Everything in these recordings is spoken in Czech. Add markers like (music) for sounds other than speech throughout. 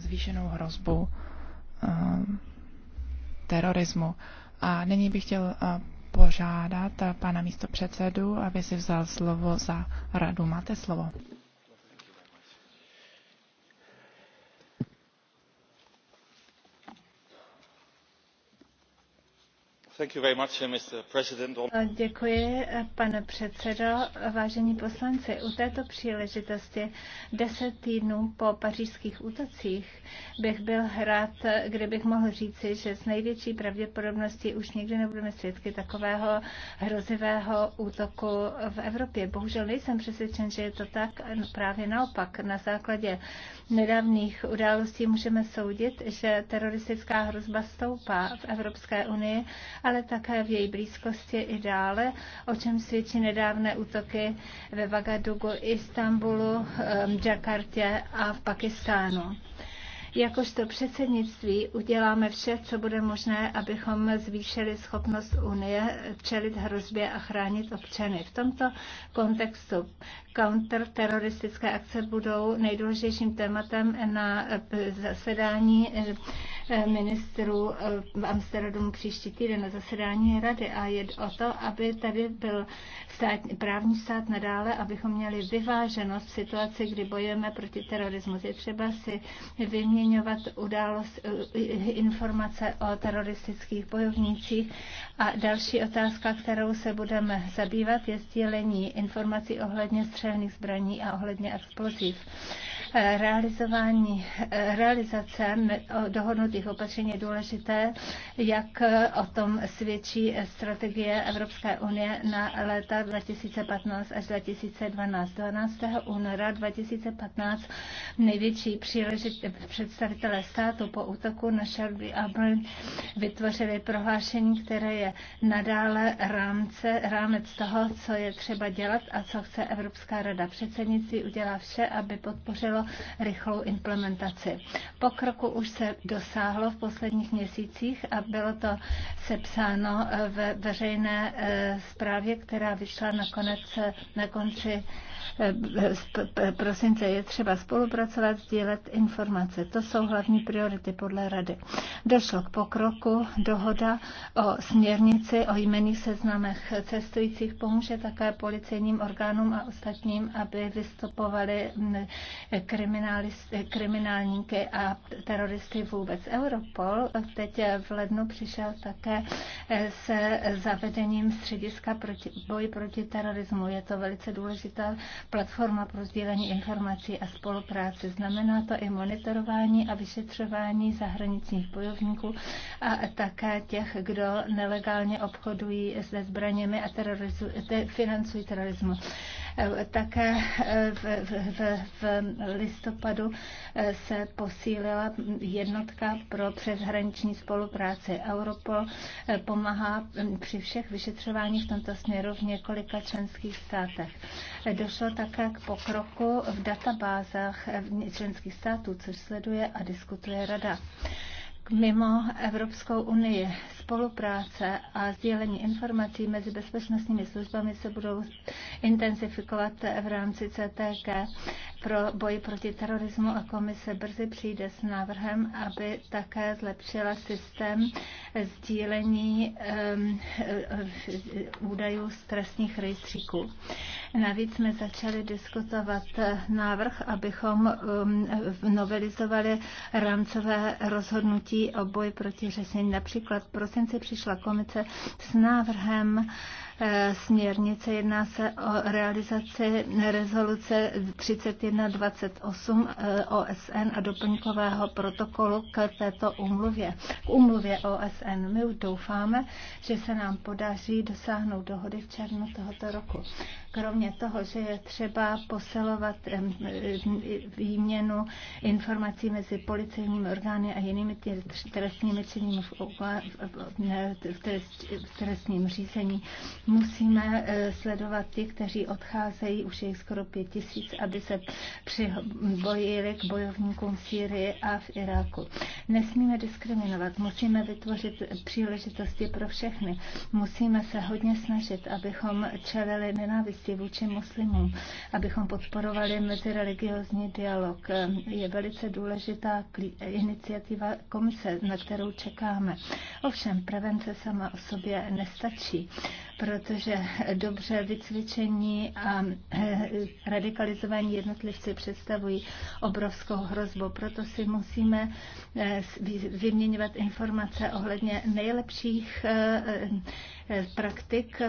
zvýšenou hrozbu eh, terorismu. A nyní bych chtěl eh, požádat eh, pana místopředsedu, aby si vzal slovo za radu. Máte slovo. Eh, děkuji, eh, pane předsedo. Vážení poslanci, u této příležitosti deset týdnů po pařížských útocích bych byl rád, eh, kdybych mohl říci, že s největší pravděpodobností už nikdy nebudeme svědky takového hrozivého útoku v Evropě. Bohužel nejsem přesvědčen, že je to tak. Právě naopak, na základě nedávných událostí můžeme soudit, že teroristická hrozba stoupá v Evropské unii ale také v její blízkosti i dále, o čem svědčí nedávné útoky ve Vagadugu, Istanbulu, ehm, Jakartě a v Pakistánu. Jakožto předsednictví uděláme vše, co bude možné, abychom zvýšili schopnost Unie čelit hrozbě a chránit občany. V tomto kontextu counterterroristické akce budou nejdůležitějším tématem na zasedání ministrů v Amsterdamu příští týden na zasedání rady a je o to, aby tady byl stát, právní stát nadále, abychom měli vyváženost v situaci, kdy bojujeme proti terorismu. Je třeba si vyměnit vyměňovat událost, eh, informace o teroristických bojovnících. A další otázka, kterou se budeme zabývat, je sdílení informací ohledně střelných zbraní a ohledně explosiv. Realizování, realizace dohodnutých opatření je důležité, jak o tom svědčí strategie Evropské unie na léta 2015 až 2012. 12. února 2015 největší příležit, představitelé státu po útoku na Shelby Auburn vytvořili prohlášení, které je nadále rámce, rámec toho, co je třeba dělat a co chce Evropská rada. Předsednictví udělá vše, aby podpořilo zajistilo rychlou implementaci. Pokroku už se dosáhlo v posledních měsících a bylo to sepsáno eh, ve veřejné zprávě, eh, která vyšla nakonec eh, na konci Eh, prosince je třeba spolupracovat, sdílet informace. To jsou hlavní priority podle Rady. Došlo k pokroku, dohoda o směrnici o jmených seznamech cestujících pomůže také policejním orgánům a ostatním, aby vystupovali mm, eh, kriminálníky a teroristy vůbec. Europol teď v lednu přišel také eh, se zavedením střediska proti, boj proti terorismu. Je to velice důležitá platforma pro sdílení informací a spolupráce. Znamená to i monitorování a vyšetřování zahraničních bojovníků a také těch, kdo nelegálně obchodují se zbraněmi a terorizu, te, financují terorismus. Také v, v, v listopadu se posílila jednotka pro přeshraniční spolupráci. Europol pomáhá při všech vyšetřováních v tomto směru v několika členských státech. Došlo také k pokroku v databázách členských států, což sleduje a diskutuje Rada mimo Evropskou unii. Spolupráce a sdílení informací mezi bezpečnostními službami se budou intenzifikovat v rámci CTK pro boj proti terorismu a komise brzy přijde s návrhem, aby také zlepšila systém sdílení um, údajů z trestních rejstříků. Navíc jsme začali diskutovat návrh, abychom um, novelizovali rámcové rozhodnutí o boji proti řešení. Například v prosinci přišla komise s návrhem, Eh, směrnice. Jedná se o realizaci rezoluce 3128 OSN eh, a doplňkového protokolu k této umluvě. K umluvě OSN my doufáme, že se nám podaří dosáhnout dohody v červnu tohoto roku kromě toho, že je třeba posilovat výměnu informací mezi policejními orgány a jinými trestními činnými v trestním řízení, musíme e, sledovat ty, kteří odcházejí, už je skoro pět tisíc, aby se přibojili k bojovníkům v Sýrii a v Iráku. Nesmíme diskriminovat, musíme vytvořit příležitosti pro všechny. Musíme se hodně snažit, abychom čelili nenávistí nenávisti vůči muslimům, abychom podporovali mezireligiozní dialog. Eh, je velice důležitá iniciativa komise, na kterou čekáme. Ovšem, prevence sama o sobě nestačí, protože dobře vycvičení a eh, radikalizování jednotlivci představují obrovskou hrozbu. Proto si musíme eh, vyměňovat informace ohledně nejlepších praktik,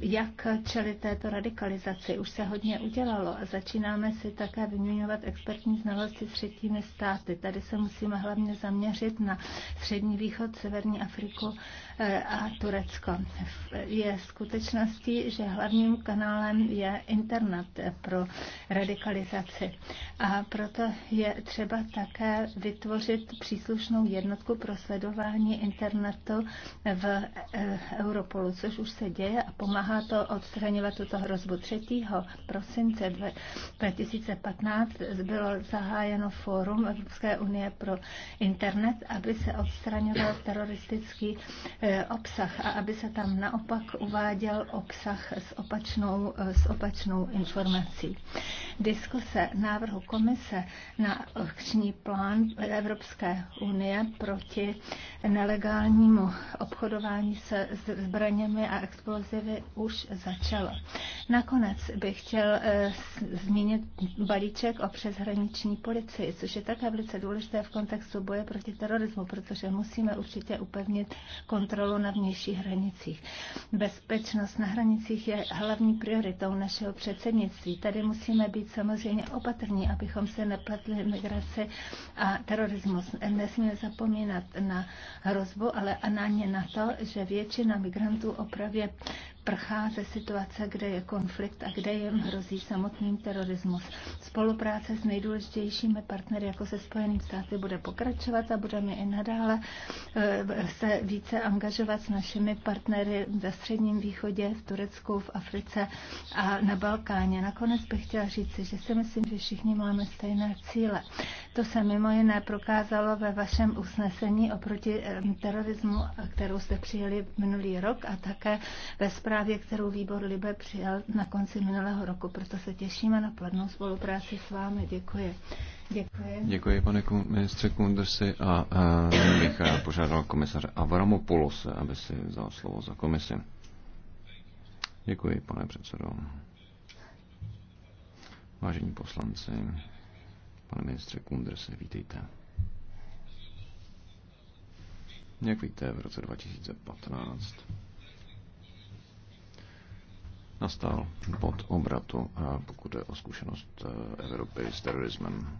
jak čelit této radikalizaci. Už se hodně udělalo a začínáme si také vyměňovat expertní znalosti s třetími státy. Tady se musíme hlavně zaměřit na Střední východ, Severní Afriku Eh, a Turecko. Je skutečností, že hlavním kanálem je internet pro radikalizaci. A proto je třeba také vytvořit příslušnou jednotku pro sledování internetu v eh, Europolu, což už se děje a pomáhá to odstraňovat tuto hrozbu. 3. prosince 2015 bylo zahájeno fórum Evropské unie pro internet, aby se odstraňoval teroristický eh, E, obsah a aby se tam naopak uváděl obsah s opačnou, e, s opačnou informací. Diskuse návrhu komise na akční plán Evropské unie proti nelegálnímu obchodování se zbraněmi a explozivy už začala. Nakonec bych chtěl e, zmínit balíček o přeshraniční policii, což je také velice důležité v kontextu boje proti terorismu, protože musíme určitě upevnit kontrolu kontrolu na vnějších hranicích. Bezpečnost na hranicích je hlavní prioritou našeho předsednictví. Tady musíme být samozřejmě opatrní, abychom se nepletli migraci a terorismus. Nesmíme zapomínat na hrozbu, ale a na ně na to, že většina migrantů opravě prchá ze situace, kde je konflikt a kde jim hrozí samotný terorismus. Spolupráce s nejdůležitějšími partnery, jako se Spojeným státy, bude pokračovat a budeme i nadále eh, se více angažovat s našimi partnery ve Středním východě, v Turecku, v Africe a na Balkáně. Nakonec bych chtěla říci, že si myslím, že všichni máme stejné cíle. To se mimo jiné prokázalo ve vašem usnesení oproti eh, terorismu, kterou jste přijeli minulý rok a také ve zprávě, kterou výbor Libe přijal na konci minulého roku. Proto se těšíme na plodnou spolupráci s vámi. Děkuji. Děkuji. Děkuji, pane ministře Kundersi. A, a eh, bych eh, požádal komisaře Avramopoulos, aby si vzal slovo za komisi. Děkuji, pane předsedo. Vážení poslanci, Pane ministře Kundrse, vítejte. Jak víte, v roce 2015 nastal pod obratu, pokud je o zkušenost eh, Evropy s terorismem.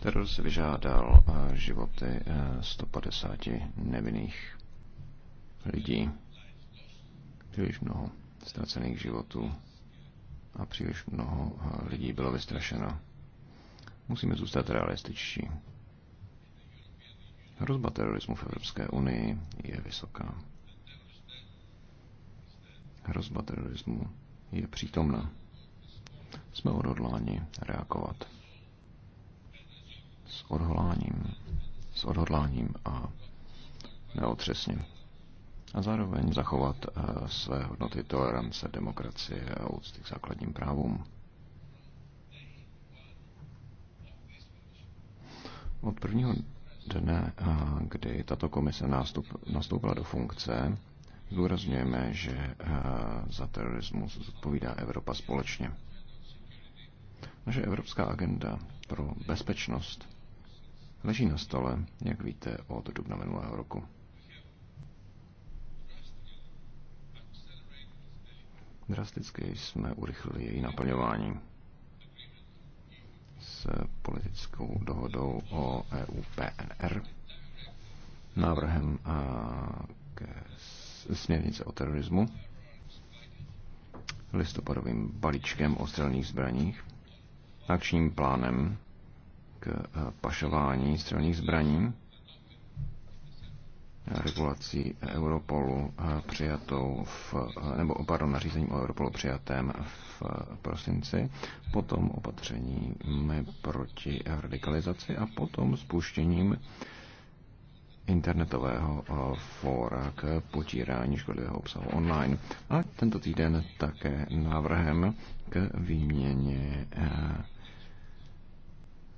Teror si vyžádal eh, životy 150 eh, nevinných lidí. Příliš mnoho ztracených životů a příliš mnoho eh, lidí bylo vystrašeno. Musíme zůstat realističtí. Hrozba terorismu v Evropské unii je vysoká. Hrozba terorismu je přítomná. Jsme odhodláni reagovat. S odhodláním, s odhodláním a neotřesně a zároveň zachovat eh, své hodnoty tolerance, demokracie a úcty k základním právům. Od prvního dne, eh, kdy tato komise nástup, nastoupila do funkce, zdůrazňujeme, že eh, za terorismus zodpovídá Evropa společně. Naše evropská agenda pro bezpečnost leží na stole, jak víte, od dubna minulého roku. Drasticky jsme urychlili její naplňování s politickou dohodou o EU PNR, návrhem ke směrnice o terorismu, listopadovým balíčkem o střelných zbraních, akčním plánem k pašování střelných zbraní regulací Europolu eh, přijatou v, eh, nebo oh, pardon, nařízení o Europolu přijatém v eh, prosinci, potom opatřením proti radikalizaci a potom spuštěním internetového fóra k potírání škodlivého obsahu online. A tento týden také návrhem k výměně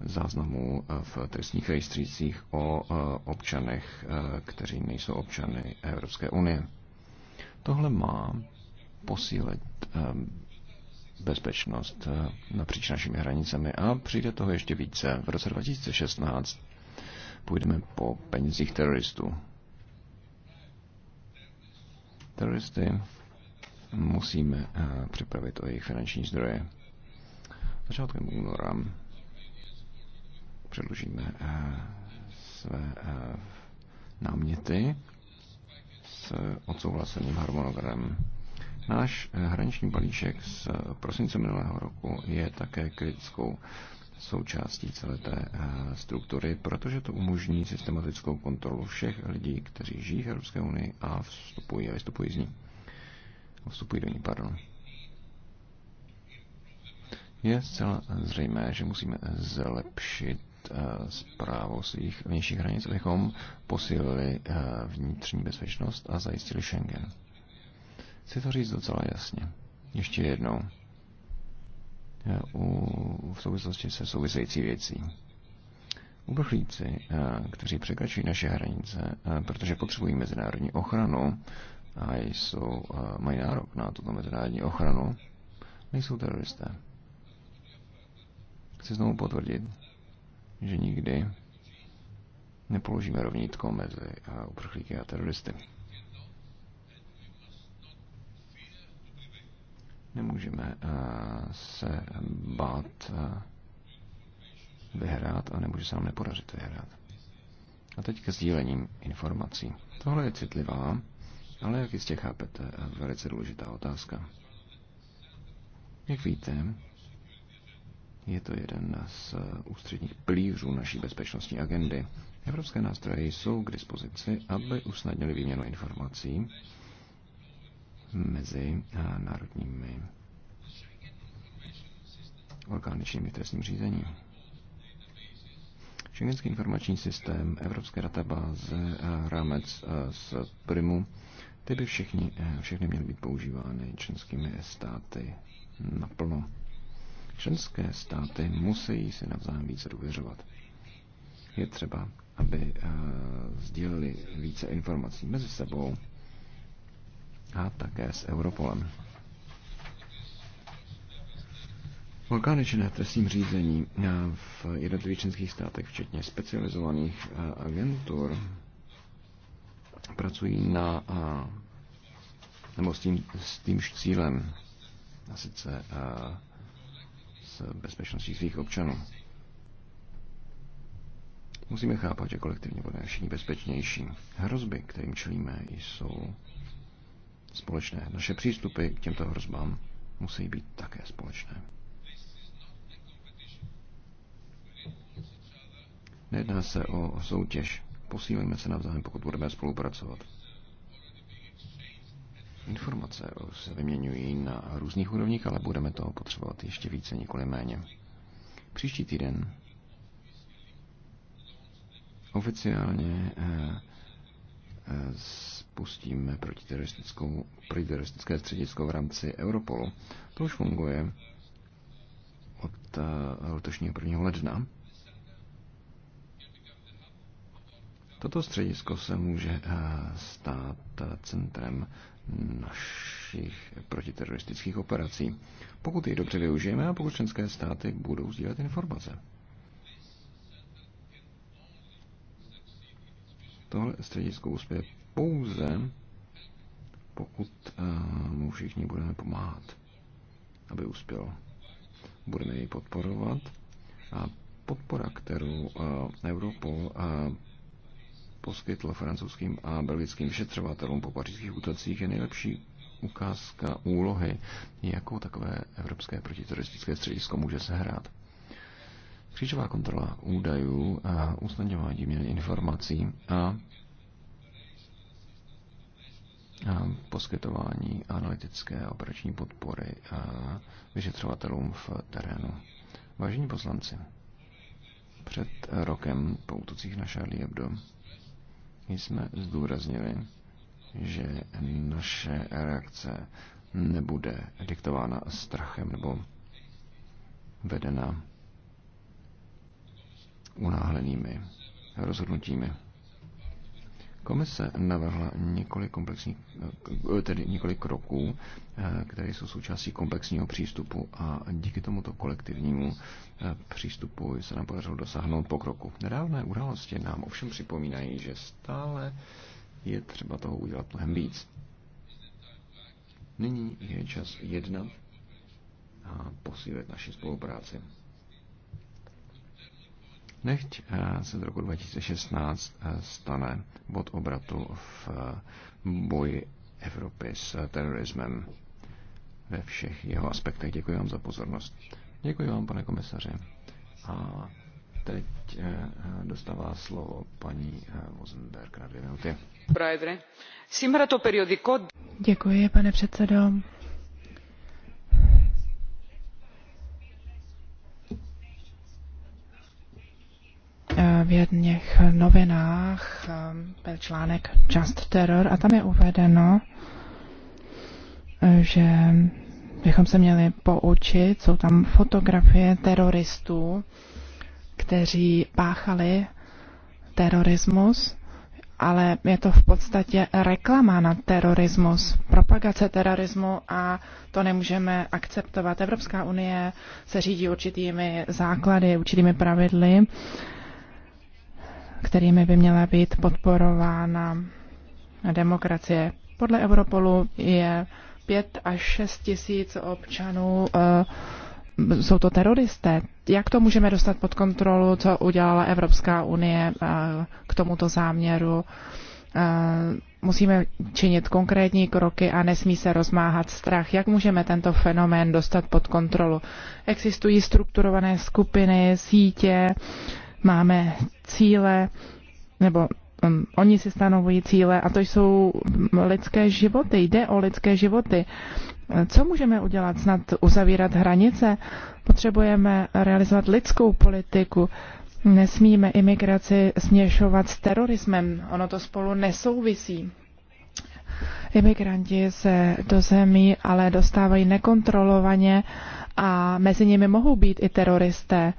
záznamů eh, v trestních rejstřících o eh, občanech, eh, kteří nejsou občany Evropské unie. Tohle má posílit bezpečnost napříč našimi hranicemi a přijde toho ještě více. V roce 2016 půjdeme po penězích teroristů. Teroristy musíme připravit o jejich finanční zdroje. Začátkem února předložíme eh, své eh, náměty s odsouhlaseným harmonogramem. Náš eh, hraniční balíček z prosince minulého roku je také kritickou součástí celé té struktury, protože to umožní systematickou kontrolu všech lidí, kteří žijí v Evropské unii a vstupují a vystupují z ní. Vstupují do ní, pardon. Je zcela zřejmé, že musíme zlepšit Eh, zprávou svých vnějších hranic, abychom posílili eh, vnitřní bezpečnost a zajistili Schengen. Chci to říct docela jasně. Ještě jednou. Eh, u, v souvislosti se související věcí. Uprchlíci, kteří překračují naše hranice, protože potřebují mezinárodní ochranu a jsou, mají nárok na tuto mezinárodní ochranu, nejsou teroristé. Chci znovu potvrdit, že nikdy nepoložíme rovnítko mezi eh, uprchlíky a teroristy. Nemůžeme eh, se bát eh, vyhrát a nemůže se nám nepodařit vyhrát. A teď ke sdílením informací. Tohle je citlivá, ale jak jistě chápete, velice důležitá otázka. Jak víte, je to jeden z eh, ústředních pilířů naší bezpečnostní agendy. Evropské nástroje jsou k dispozici, aby usnadnili výměnu informací mezi eh, národními orgány trestním řízení. Schengenský informační systém, Evropské databáze, eh, rámec z Primu, ty by všichni, všechny měly být používány členskými státy naplno. Členské státy musí si navzájem více důvěřovat. Je třeba, aby eh, sdíleli více informací mezi sebou a také s Europolem. Orgány činné trestním řízení eh, v jednotlivých členských státech, včetně specializovaných eh, agentur, pracují na, nebo s tím, s tím cílem, a sice s bezpečností svých občanů. Musíme chápat, že kolektivně bude všichni bezpečnější. Hrozby, kterým čelíme, jsou společné. Naše přístupy k těmto hrozbám musí být také společné. Nejedná se o soutěž. Posílíme se navzájem, pokud budeme spolupracovat. Informace se vyměňují na různých úrovních, ale budeme toho potřebovat ještě více, nikoli méně. Příští týden oficiálně eh, eh, spustíme protiteroristickou, protiteroristické středisko v rámci Europolu. To už funguje od eh, letošního 1. ledna. Toto středisko se může stát centrem našich protiteroristických operací, pokud je dobře využijeme a pokud členské státy budou sdílet informace. Tohle středisko uspěje pouze, pokud eh, mu všichni budeme pomáhat, aby uspělo. Budeme jej podporovat a podpora, kterou eh, Europol eh, poskytl francouzským a belgickým vyšetřovatelům po pařížských útocích, je nejlepší ukázka úlohy, jakou takové Evropské protiteroristické středisko může sehrát. Křížová kontrola údajů a usnadňování měny informací a poskytování analytické a operační podpory vyšetřovatelům v terénu. Vážení poslanci, před rokem po útocích na Charlie Hebdo jsme zdůraznili, že naše reakce nebude diktována strachem nebo vedena unáhlenými rozhodnutími. Komise navrhla několik, komplexních, eh, tedy několik kroků, eh, které jsou součástí komplexního přístupu a díky tomuto kolektivnímu eh, přístupu se nám podařilo dosáhnout pokroku. Nedávné události nám ovšem připomínají, že stále je třeba toho udělat mnohem víc. Nyní je čas jednat a posílit naši spolupráci. Nechť eh, se z roku 2016 eh, stane bod obratu v eh, boji Evropy s terorismem ve všech jeho aspektech. Děkuji vám za pozornost. Děkuji vám, pane komisaři. A teď dostává slovo paní Vozenberg na dvě minuty. Děkuji, pane předsedo. v jedných novinách ehm, byl článek Just Terror a tam je uvedeno, ehm, že bychom se měli poučit. Jsou tam fotografie teroristů, kteří páchali terorismus, ale je to v podstatě reklama na terorismus, propagace terorismu a to nemůžeme akceptovat. Evropská unie se řídí určitými základy, určitými pravidly kterými by měla být podporována demokracie. Podle Europolu je 5 až 6 tisíc občanů eh, jsou to teroristé. Jak to můžeme dostat pod kontrolu, co udělala Evropská unie eh, k tomuto záměru? Eh, musíme činit konkrétní kroky a nesmí se rozmáhat strach. Jak můžeme tento fenomén dostat pod kontrolu? Existují strukturované skupiny, sítě, máme cíle, nebo um, oni si stanovují cíle a to jsou lidské životy, jde o lidské životy. Co můžeme udělat? Snad uzavírat hranice? Potřebujeme realizovat lidskou politiku. Nesmíme imigraci směšovat s terorismem. Ono to spolu nesouvisí. Imigranti se do zemí ale dostávají nekontrolovaně a mezi nimi mohou být i teroristé.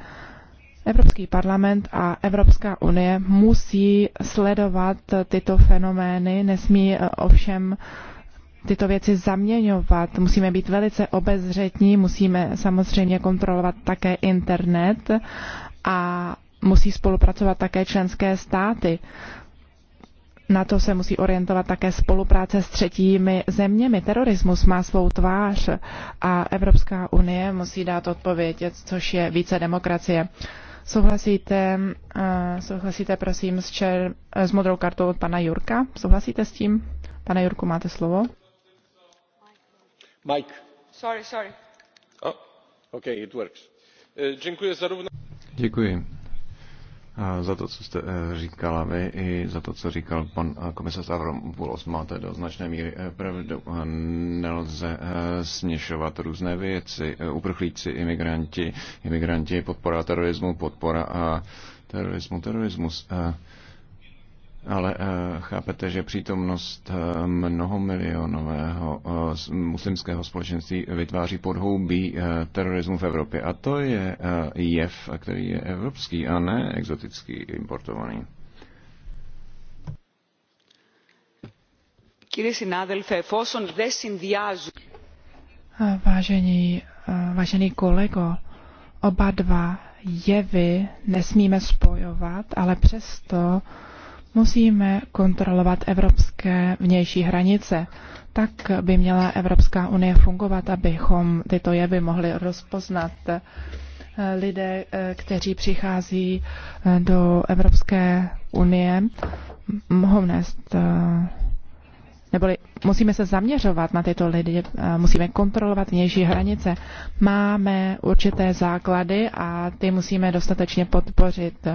Evropský parlament a Evropská unie musí sledovat tyto fenomény, nesmí eh, ovšem tyto věci zaměňovat. Musíme být velice obezřetní, musíme samozřejmě kontrolovat také internet a musí spolupracovat také členské státy. Na to se musí orientovat také spolupráce s třetími zeměmi. Terorismus má svou tvář a Evropská unie musí dát odpověď, což je více demokracie. Souhlasíte, eh, souhlasíte prosím s, čer, eh, s modrou kartou od pana Jurka? Souhlasíte s tím? Pane Jurku, máte slovo. Mike. Sorry, sorry. Oh, okay, it works. Eh, Děkuji za rovnou. Děkuji za to, co jste eh, říkala vy i za to, co říkal pan eh, komisař Avramopoulos. Máte do značné míry eh, pravdu. Nelze směšovat různé věci. Uprchlíci, imigranti, imigranti, podpora terorismu, podpora a terorismu, terorismus. terorismus ale eh, chápete, že přítomnost eh, mnohomilionového eh, muslimského společenství vytváří podhoubí terorismu v Evropě. A to je jev, který je evropský a ne exotický importovaný. Vážení, vážený kolego, oba dva jevy nesmíme spojovat, ale přesto uh, Musíme kontrolovat evropské vnější hranice. Tak by měla Evropská unie fungovat, abychom tyto jevy mohli rozpoznat. Lidé, kteří přichází eh, do Evropské unie, mohou nést eh, neboli musíme se zaměřovat na tyto lidi, eh, musíme kontrolovat vnější hranice. Máme určité základy a ty musíme dostatečně podpořit.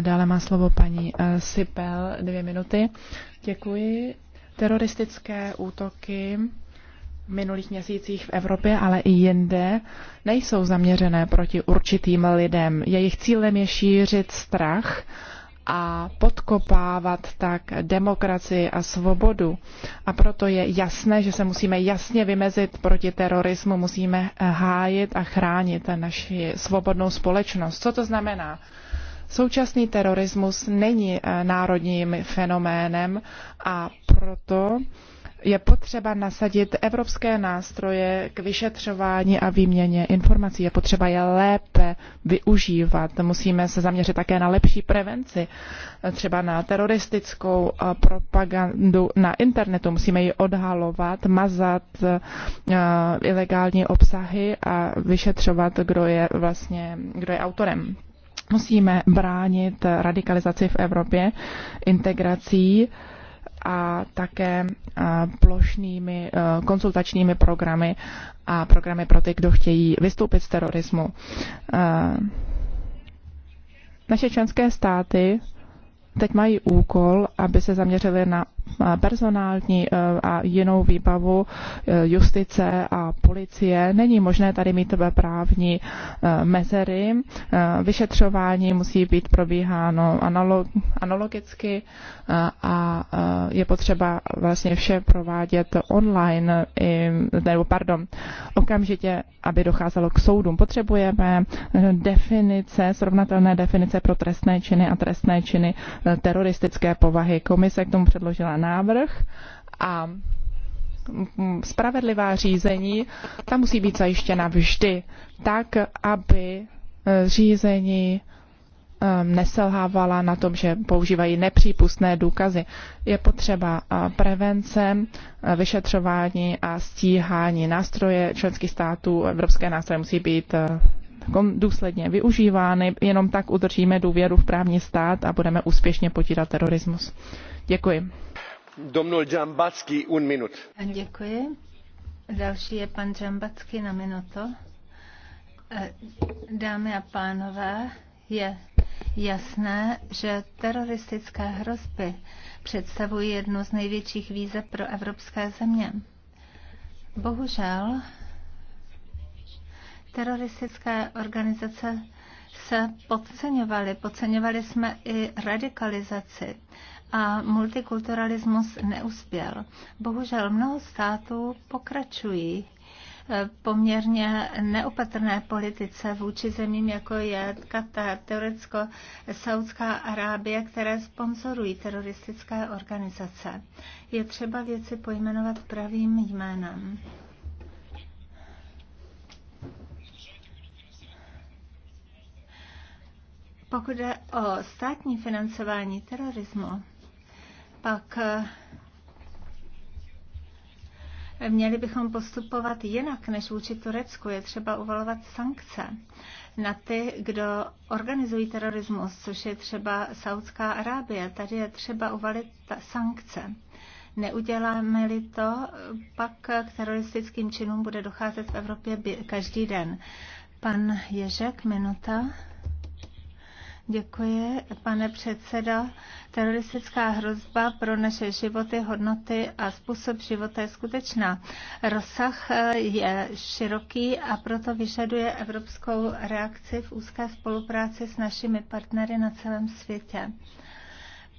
Dále má slovo paní eh, Sipel, dvě minuty. Děkuji. Teroristické útoky v minulých měsících v Evropě, ale i jinde, nejsou zaměřené proti určitým lidem. Jejich cílem je šířit strach a podkopávat tak demokracii a svobodu. A proto je jasné, že se musíme jasně vymezit proti terorismu, musíme hájit a chránit naši svobodnou společnost. Co to znamená? Současný terorismus není eh, národním fenoménem a proto je potřeba nasadit evropské nástroje k vyšetřování a výměně informací. Je potřeba je lépe využívat. Musíme se zaměřit také na lepší prevenci, eh, třeba na teroristickou eh, propagandu na internetu. Musíme ji odhalovat, mazat ilegální obsahy a vyšetřovat, kdo je vlastně kdo je autorem. Musíme bránit radikalizaci v Evropě integrací a také plošnými konsultačními programy a programy pro ty, kdo chtějí vystoupit z terorismu. Naše členské státy teď mají úkol, aby se zaměřili na personální eh, a jinou výbavu eh, justice a policie. Není možné tady mít eh, právní mezery. Vyšetřování musí být probíháno analogicky a je potřeba vlastně vše provádět online, nebo pardon, okamžitě, aby docházelo k soudům. Potřebujeme definice, srovnatelné definice pro trestné činy a trestné činy teroristické povahy. Komise k tomu předložila návrh a spravedlivá řízení, ta musí být zajištěna vždy, tak, aby eh, řízení eh, neselhávala na tom, že používají nepřípustné důkazy. Je potřeba eh, prevence, vyšetřování a stíhání. Nástroje členských států, evropské nástroje musí být důsledně využívány. Jenom tak udržíme důvěru v právní stát a budeme úspěšně potírat terorismus. Děkuji. Domnul Džambacký, un minut. Děkuji. Další je pan Džambacký na minuto. Eh, dámy a pánové, je jasné, že teroristické hrozby představují jednu z největších výzev pro evropské země. Bohužel, teroristické organizace se podceňovaly. Podceňovali jsme i radikalizaci a multikulturalismus neuspěl. Bohužel mnoho států pokračují eh, poměrně neopatrné politice vůči zemím, jako je Katar, Turecko, Saudská Arábie, které sponzorují teroristické organizace. Je třeba věci pojmenovat pravým jménem. Pokud jde o státní financování terorismu, pak eh, měli bychom postupovat jinak než vůči Turecku. Je třeba uvalovat sankce na ty, kdo organizují terorismus, což je třeba Saudská Arábie. Tady je třeba uvalit sankce. Neuděláme-li to, pak k teroristickým činům bude docházet v Evropě každý den. Pan Ježek, minuta. Děkuji, pane předsedo. Teroristická hrozba pro naše životy, hodnoty a způsob života je skutečná. Rozsah eh, je široký a proto vyžaduje evropskou reakci v úzké spolupráci s našimi partnery na celém světě.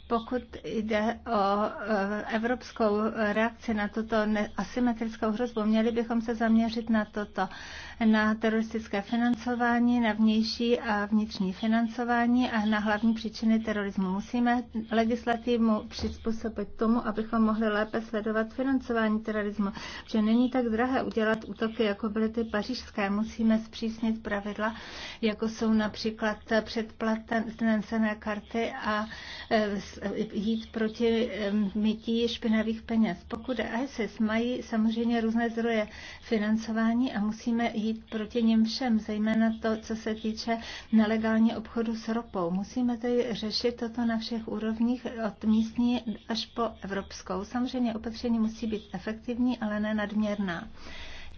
Pokud jde o eh, evropskou reakci na tuto asymetrickou hrozbu, měli bychom se zaměřit na toto, na teroristické financování, na vnější a vnitřní financování a na hlavní příčiny terorismu. Musíme legislativu přizpůsobit tomu, abychom mohli lépe sledovat financování terorismu, že není tak drahé udělat útoky, jako byly ty pařížské. Musíme zpřísnit pravidla, jako jsou například předplatné karty a eh, jít proti mytí špinavých peněz. Pokud ISIS mají samozřejmě různé zdroje financování a musíme jít proti něm všem, zejména to, co se týče nelegální obchodu s ropou. Musíme tedy řešit toto na všech úrovních, od místní až po evropskou. Samozřejmě opatření musí být efektivní, ale ne nadměrná.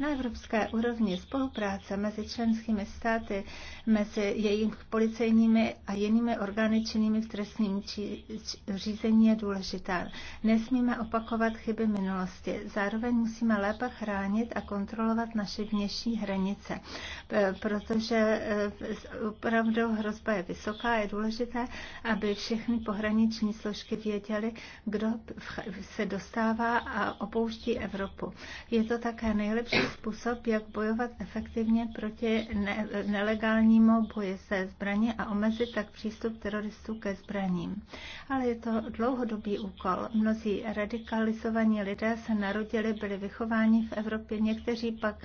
Na evropské úrovni spolupráce mezi členskými státy, mezi jejich policejními a jinými orgány činnými v trestním či, či, řízení je důležitá. Nesmíme opakovat chyby minulosti. Zároveň musíme lépe chránit a kontrolovat naše vnější hranice, protože e, opravdu hrozba je vysoká a je důležité, aby všechny pohraniční složky věděly, kdo se dostává a opouští Evropu. Je to také nejlepší způsob, jak bojovat efektivně proti ne- nelegálnímu boji se zbraní a omezit tak přístup teroristů ke zbraním. Ale je to dlouhodobý úkol. Mnozí radikalizovaní lidé se narodili, byli vychováni v Evropě, někteří pak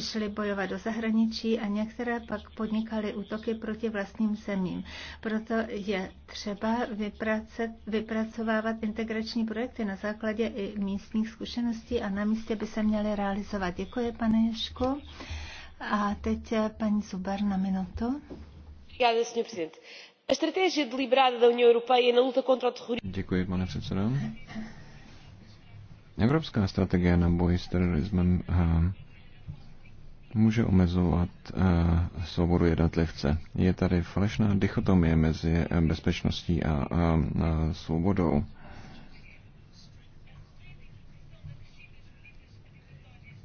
šli bojovat do zahraničí a některé pak podnikali útoky proti vlastním zemím. Proto je třeba vypracet, vypracovávat integrační projekty na základě i místních zkušeností a na místě by se měly realizovat. Děkuji pane Ješko. A teď eh, paní Zuber na minutu. Děkuji, pane předsedo. Evropská strategie na boj s terorismem eh, může omezovat eh, svobodu jednotlivce. Je tady falešná dichotomie mezi bezpečností a svobodou.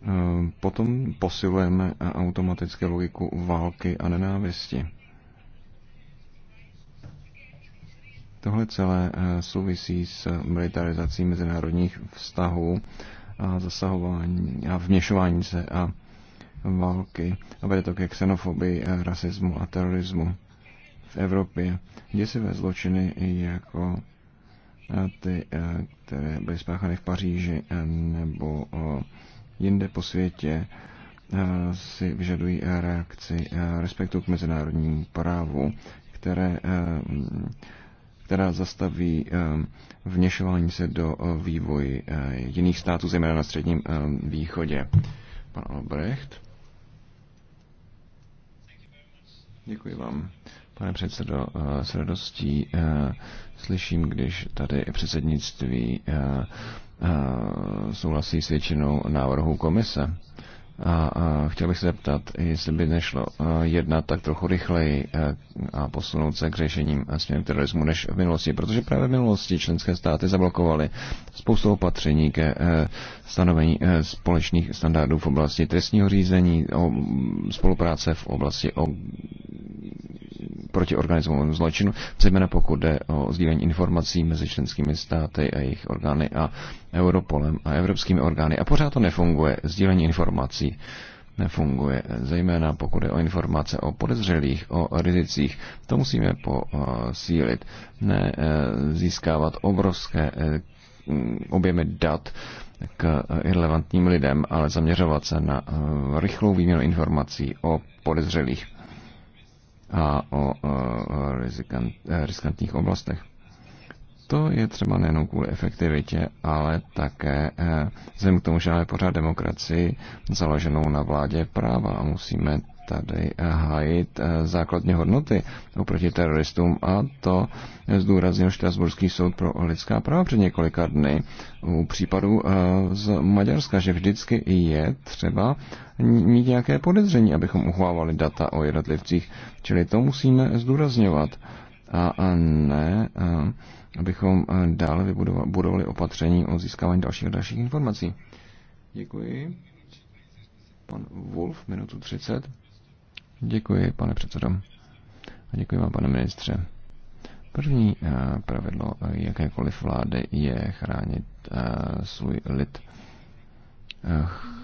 Eh, potom posilujeme automaticky logiku války a nenávisti. Tohle celé eh, souvisí s militarizací mezinárodních vztahů a zasahování a vměšování se a války a vede to ke xenofobii, eh, rasismu a terorismu v Evropě. Děsivé zločiny jako ty, které byly spáchány v Paříži nebo jinde po světě eh, si vyžadují eh, reakci eh, respektu k mezinárodnímu právu, které, mm, která zastaví vněšování se do vývoji jiných států, zejména na Středním východě. Pan Albrecht. Děkuji vám. Pane předsedo, s radostí slyším, když tady předsednictví Eh, souhlasí s většinou návrhů komise. A, a chtěl bych se zeptat, jestli by nešlo eh, jednat tak trochu rychleji eh, a posunout se k řešením směrem terorismu než v minulosti, protože právě v minulosti členské státy zablokovaly spoustu opatření ke stanovení eh, společných standardů v oblasti trestního řízení, o spolupráce v oblasti o proti organizovanému zločinu, zejména pokud jde o sdílení informací mezi členskými státy a jejich orgány a Europolem a evropskými orgány. A pořád to nefunguje. Sdílení informací nefunguje, zejména pokud je o informace o podezřelých, o rizicích. To musíme posílit, ne eh, získávat obrovské eh, objemy dat k eh, irrelevantním lidem, ale zaměřovat se na eh, rychlou výměnu informací o podezřelých a o eh, riskantních oblastech. To je třeba nejenom kvůli efektivitě, ale také vzhledem k tomu, že máme pořád demokracii založenou na vládě práva a musíme tady eh, hájit eh, základní hodnoty oproti teroristům a to zdůraznil Štrasburský soud pro lidská práva před několika dny u případů eh, z Maďarska, že vždycky je třeba mít nějaké podezření, abychom uchvávali data o jednotlivcích, čili to musíme zdůrazňovat a, a ne abychom dále vybudovali opatření o získávání dalších a dalších informací. Děkuji. Pan Wolf, minutu 30. Děkuji, pane předsedo. A děkuji vám, pane ministře. První eh, pravidlo eh, jakékoliv vlády je chránit eh, svůj lid.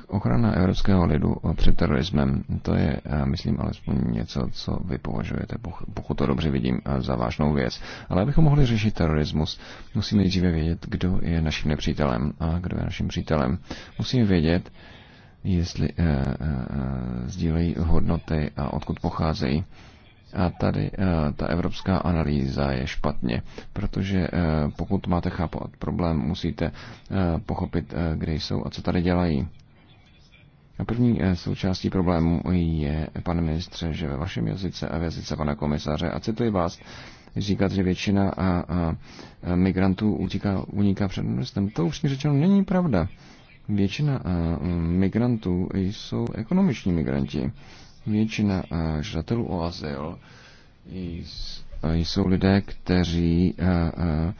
Ochrana evropského lidu před terorismem, to je, myslím, alespoň něco, co vy považujete, pokud to dobře vidím, za vážnou věc. Ale abychom mohli řešit terorismus, musíme nejdříve vědět, kdo je naším nepřítelem a kdo je naším přítelem. Musíme vědět, jestli uh, uh, sdílejí hodnoty a odkud pocházejí. A tady uh, ta evropská analýza je špatně, protože uh, pokud máte chápat problém, musíte uh, pochopit, uh, kde jsou a co tady dělají. A první součástí problému je, pane ministře, že ve vašem jazyce a v jazyce pana komisaře, a cituji vás, říkat, že většina a, a migrantů utíká, uniká před ministrem. To už mi řečeno není pravda. Většina eh, migrantů jsou ekonomiční migranti. Většina eh, žadatelů o azyl jsou lidé, kteří eh,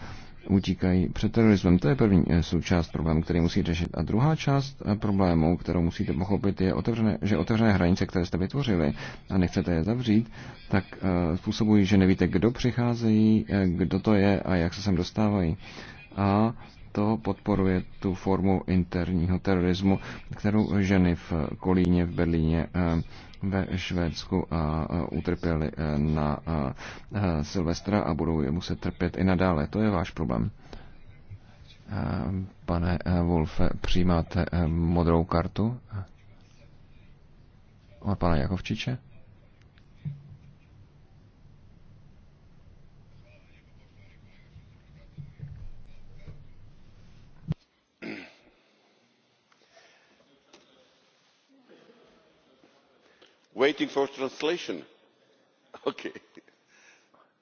utíkají před terorismem. To je první součást problému, který musí řešit. A druhá část problému, kterou musíte pochopit, je, otevřené, že otevřené hranice, které jste vytvořili a nechcete je zavřít, tak způsobují, že nevíte, kdo přicházejí, kdo to je a jak se sem dostávají. A to podporuje tu formu interního terorismu, kterou ženy v Kolíně, v Berlíně, eh, ve Švédsku eh, utrpěly eh, na Silvestra a budou je muset trpět i nadále. To je váš problém. Pane Wolfe, přijímáte modrou kartu od pana Jakovčiče? waiting for translation. (laughs) Okay.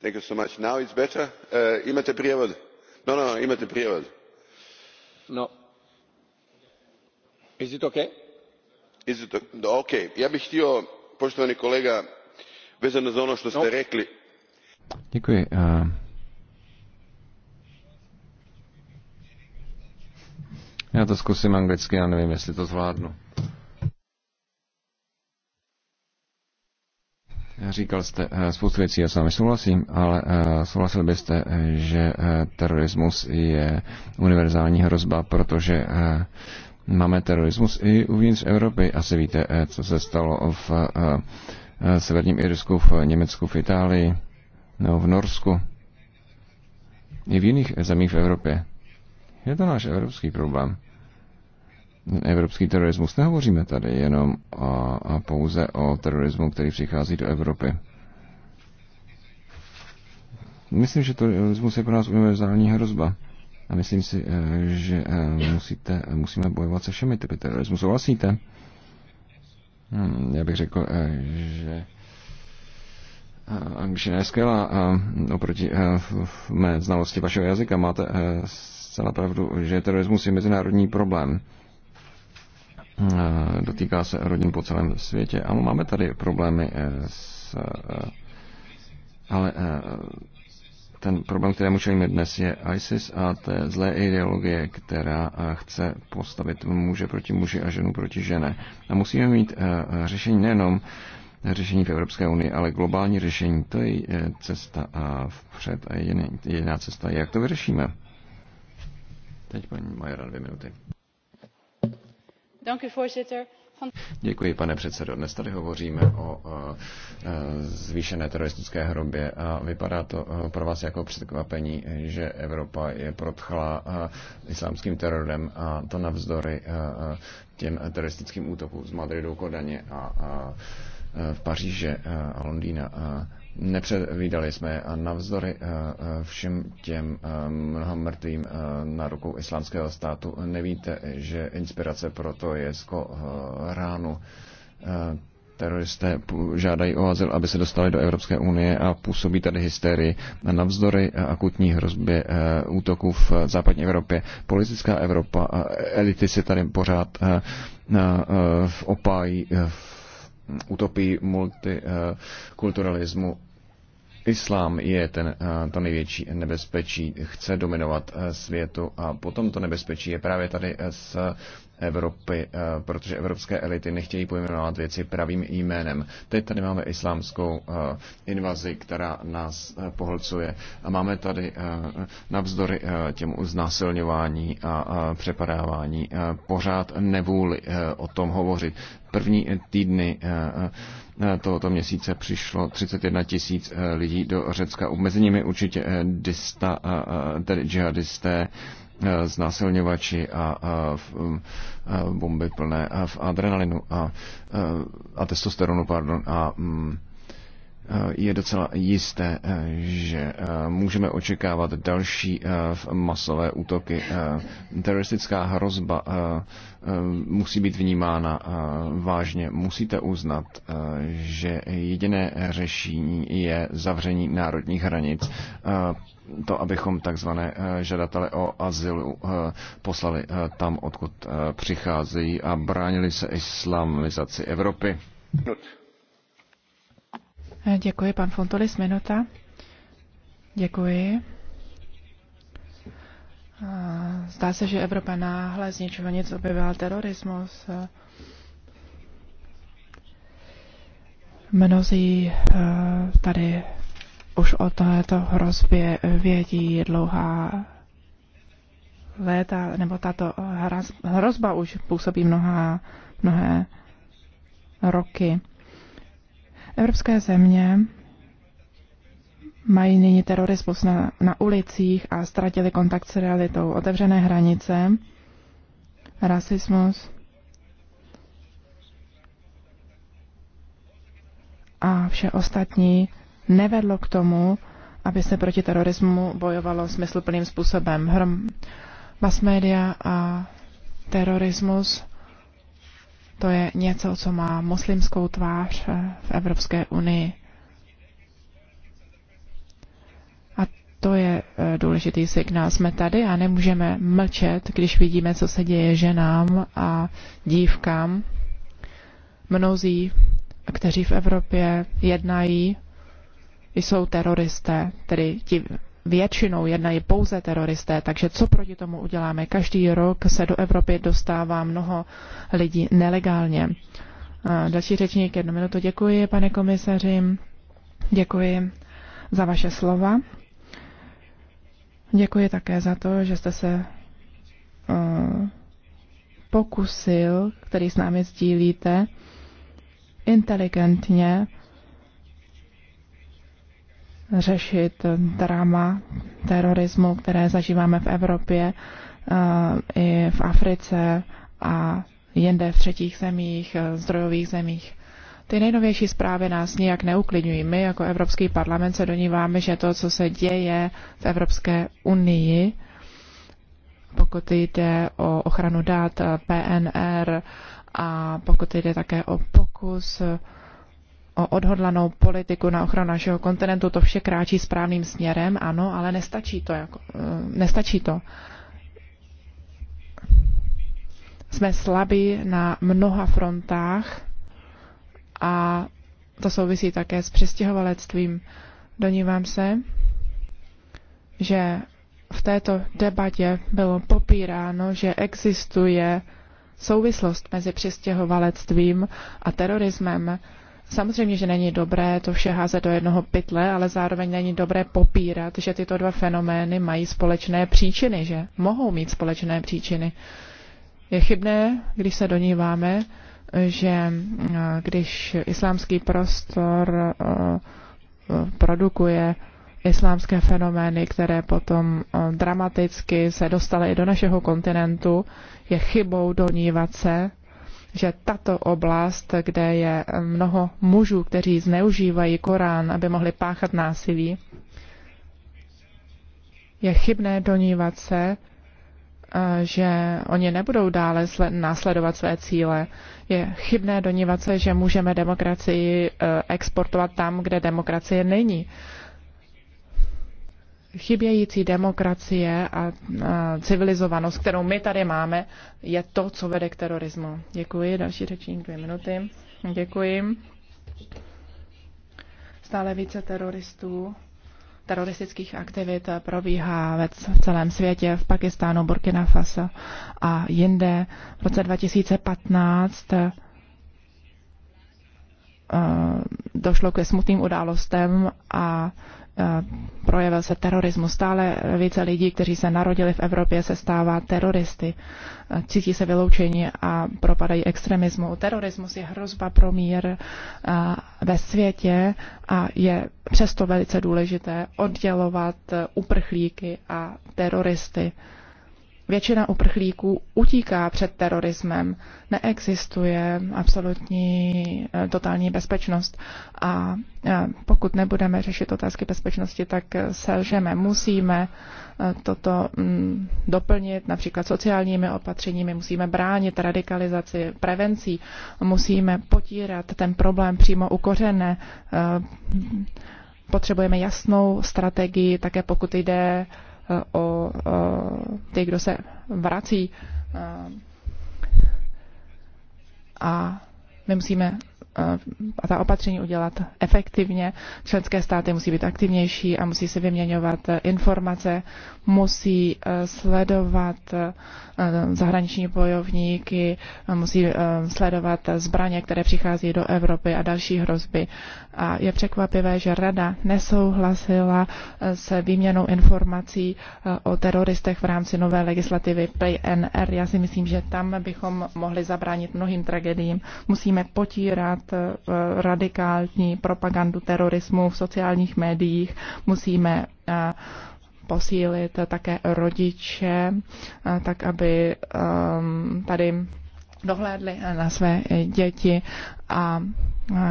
Thank you so much. Now it's better. Uh, imate prijevod? No, no, no, imate prijevod. No. Is it okay? Is it no, okay? Ja bih htio, poštovani kolega, vezano za ono što ste no. rekli. Děkuji. Uh... Já to zkusím anglicky, já nevím, jestli to zvládnu. Říkal jste eh, spoustu věcí, já s vámi souhlasím, ale eh, souhlasil byste, eh, že terorismus je univerzální hrozba, protože máme terorismus i uvnitř Evropy. Asi víte, co se stalo v severním Irsku, v Německu, v Itálii nebo v Norsku. I v jiných zemích v Evropě. Je to náš evropský problém evropský terorismus. Nehovoříme tady jenom a, a pouze o terorismu, který přichází do Evropy. Myslím, že terorismus je pro nás univerzální hrozba. A myslím si, eh, že eh, musíte, musíme bojovat se všemi typy terorismu. Souhlasíte? Hmm, já bych řekl, eh, že angličtina je skvělá oproti mé znalosti vašeho jazyka. Máte zcela pravdu, že terorismus je mezinárodní problém. Eh, dotýká se rodin po celém světě. Ano, máme tady problémy eh, s... Eh, ale ten problém, kterému čelíme dnes, je ISIS a té zlé ideologie, která chce postavit muže proti muži a ženu proti žene. A musíme mít řešení nejenom řešení v Evropské unii, ale globální řešení. To je cesta a vpřed a jediná cesta. Jak to vyřešíme? Teď paní Majera dvě minuty. Děkuji, pane předsedo. Dnes tady hovoříme o e, zvýšené teroristické hrobě a vypadá to e, pro vás jako překvapení, že Evropa je protchlá e, islámským terorem a to navzdory těm teroristickým útokům z Madridu, Kodaně a v Paříže a Londýna. Nepředvídali jsme a navzdory eh, eh, všem těm eh, mnoha mrtvým na rukou islámského státu nevíte, že inspirace pro to je z ránu. Teroristé žádají o azyl, aby se dostali do Evropské unie a působí tady hysterii. Navzdory akutní hrozbě útoků v západní Evropě, politická Evropa, elity si tady pořád opájí v utopii multikulturalismu Islám je ten, eh, to největší nebezpečí, chce dominovat eh, světu a potom to nebezpečí je právě tady s Evropy, eh, protože evropské elity nechtějí pojmenovat věci pravým jménem. Teď tady máme islámskou eh, invazi, která nás eh, pohlcuje. A máme tady navzdory těm znásilňování a přepadávání pořád nevůli o tom hovořit. První týdny tohoto měsíce přišlo 31 tisíc lidí do Řecka. Mezi nimi určitě dista, tedy džihadisté, Eh, znásilňovači a, a, a um, eh, bomby plné v adrenalinu a, eh, a testosteronu, pardon, a mm, Eh, je docela jisté, eh, že eh, můžeme očekávat další masové útoky. Teroristická hrozba musí být vnímána vážně. Musíte uznat, že jediné řešení je zavření národních hranic. To, abychom takzvané žadatele o azyl poslali tam, odkud přicházejí a bránili se islamizaci Evropy. Not. Děkuji, pan Fontolis, minuta. Děkuji. Zdá se, že Evropa náhle z ničeho nic objevila terorismus. Mnozí e, tady už o této hrozbě vědí dlouhá léta, nebo tato hrozba už působí mnoha, mnohé roky. Evropské země mají nyní terorismus na, na ulicích a ztratili kontakt s realitou. Otevřené hranice, rasismus a vše ostatní nevedlo k tomu, aby se proti terorismu bojovalo smysluplným způsobem. Hrom, mass media a terorismus to je něco, co má muslimskou tvář eh, v Evropské unii. A to je eh, důležitý signál. Jsme tady a nemůžeme mlčet, když vidíme, co se děje ženám a dívkám. Mnozí, kteří v Evropě jednají, jsou teroristé, tedy ti většinou jednají pouze teroristé, takže co proti tomu uděláme? Každý rok se do Evropy dostává mnoho lidí nelegálně. Další řečník, jednu minutu. Děkuji, pane komisaři. Děkuji za vaše slova. Děkuji také za to, že jste se eh, pokusil, který s námi sdílíte, inteligentně řešit eh, drama terorismu, které zažíváme v Evropě eh, i v Africe a jinde v třetích zemích, eh, zdrojových zemích. Ty nejnovější zprávy nás nijak neuklidňují. My jako Evropský parlament se doníváme, že to, co se děje v Evropské unii, pokud jde o ochranu dát PNR a pokud jde také o pokus o odhodlanou politiku na ochranu našeho kontinentu. To vše kráčí správným směrem, ano, ale nestačí to. Jako, eh, nestačí to. Jsme slabí na mnoha frontách a to souvisí také s přistěhovalectvím. Donívám se, že v této debatě bylo popíráno, že existuje souvislost mezi přistěhovalectvím a terorismem. Samozřejmě, že není dobré to vše házet do jednoho pytle, ale zároveň není dobré popírat, že tyto dva fenomény mají společné příčiny, že mohou mít společné příčiny. Je chybné, když se doníváme, že eh, když islámský prostor eh, produkuje islámské fenomény, které potom eh, dramaticky se dostaly i do našeho kontinentu, je chybou donívat se, že tato oblast, kde je mnoho mužů, kteří zneužívají Korán, aby mohli páchat násilí, je chybné donívat se, že oni nebudou dále následovat své cíle. Je chybné donívat se, že můžeme demokracii e, exportovat tam, kde demokracie není chybějící demokracie a, civilizovanost, kterou my tady máme, je to, co vede k terorismu. Děkuji. Další řečník dvě minuty. Děkuji. Stále více teroristů teroristických aktivit probíhá ve celém světě, v Pakistánu, Burkina Faso a jinde. V roce 2015 eh, došlo ke smutným událostem a Eh, projevil se terorismus. Stále více lidí, kteří se narodili v Evropě, se stává teroristy. Eh, cítí se vyloučení a propadají extremismu. Terorismus je hrozba pro mír eh, ve světě a je přesto velice důležité oddělovat uprchlíky a teroristy většina uprchlíků utíká před terorismem. Neexistuje absolutní eh, totální bezpečnost a eh, pokud nebudeme řešit otázky bezpečnosti, tak eh, selžeme. Musíme toto mm, doplnit například sociálními opatřeními, musíme bránit radikalizaci prevencí, musíme potírat ten problém přímo u kořene. Potřebujeme jasnou strategii, také pokud jde o ty, kdo se vrací. A my musíme Eh, a ta opatření udělat efektivně. Členské státy musí být aktivnější a musí se vyměňovat eh, informace, musí eh, sledovat zahraniční bojovníky, musí sledovat zbraně, které přichází do Evropy a další hrozby. A je překvapivé, že Rada nesouhlasila s výměnou informací o teroristech v rámci nové legislativy PNR. Já si myslím, že tam bychom mohli zabránit mnohým tragédiím. Musíme potírat Eh, radikální propagandu terorismu v sociálních médiích, musíme eh, posílit také rodiče, eh, tak aby tady dohlédli na své děti a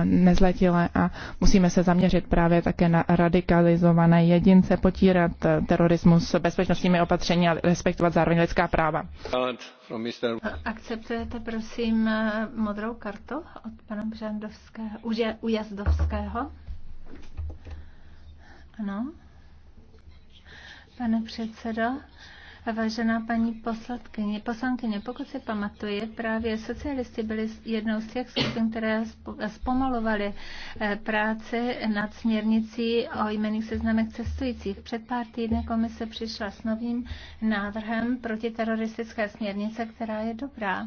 nezletilé a musíme se zaměřit právě také na radikalizované jedince, potírat e, terorismus bezpečnostními opatření a respektovat zároveň lidská práva. Akceptujete prosím e, modrou kartu od pana Břandovského, u Jazdovského? Ano. Pane předsedo, Vážená paní poslankyně, poslankyně, pokud se pamatuje, právě socialisti byli jednou z těch skupin, které zpomalovaly eh, práci nad směrnicí o jmených seznamech cestujících. Před pár týdny komise přišla s novým návrhem protiteroristické směrnice, která je dobrá.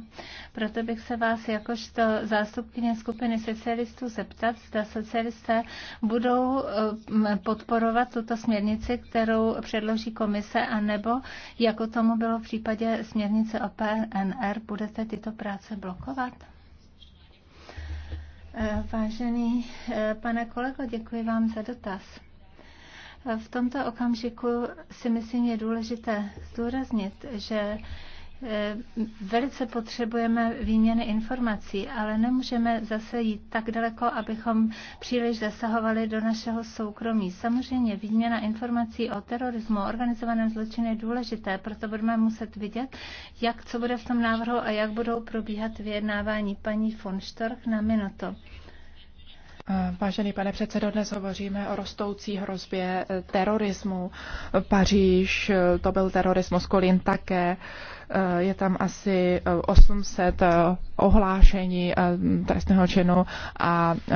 Proto bych se vás jakožto zástupkyně skupiny socialistů zeptat, zda socialisté budou eh, podporovat tuto směrnici, kterou předloží komise, anebo je jako tomu bylo v případě směrnice o PNR, budete tyto práce blokovat? Eh, vážený eh, pane kolego, děkuji vám za dotaz. V tomto okamžiku si myslím je důležité zdůraznit, že Eh, velice potřebujeme výměny informací, ale nemůžeme zase jít tak daleko, abychom příliš zasahovali do našeho soukromí. Samozřejmě výměna informací o terorismu, organizovaném zločinu je důležité, proto budeme muset vidět, jak co bude v tom návrhu a jak budou probíhat vyjednávání paní von Storch na minuto. Eh, vážený pane předsedo, dnes hovoříme o rostoucí hrozbě eh, terorismu. Paříž, to byl terorismus, Kolín také. Eh, je tam asi 800 eh, ohlášení eh, trestného činu a eh,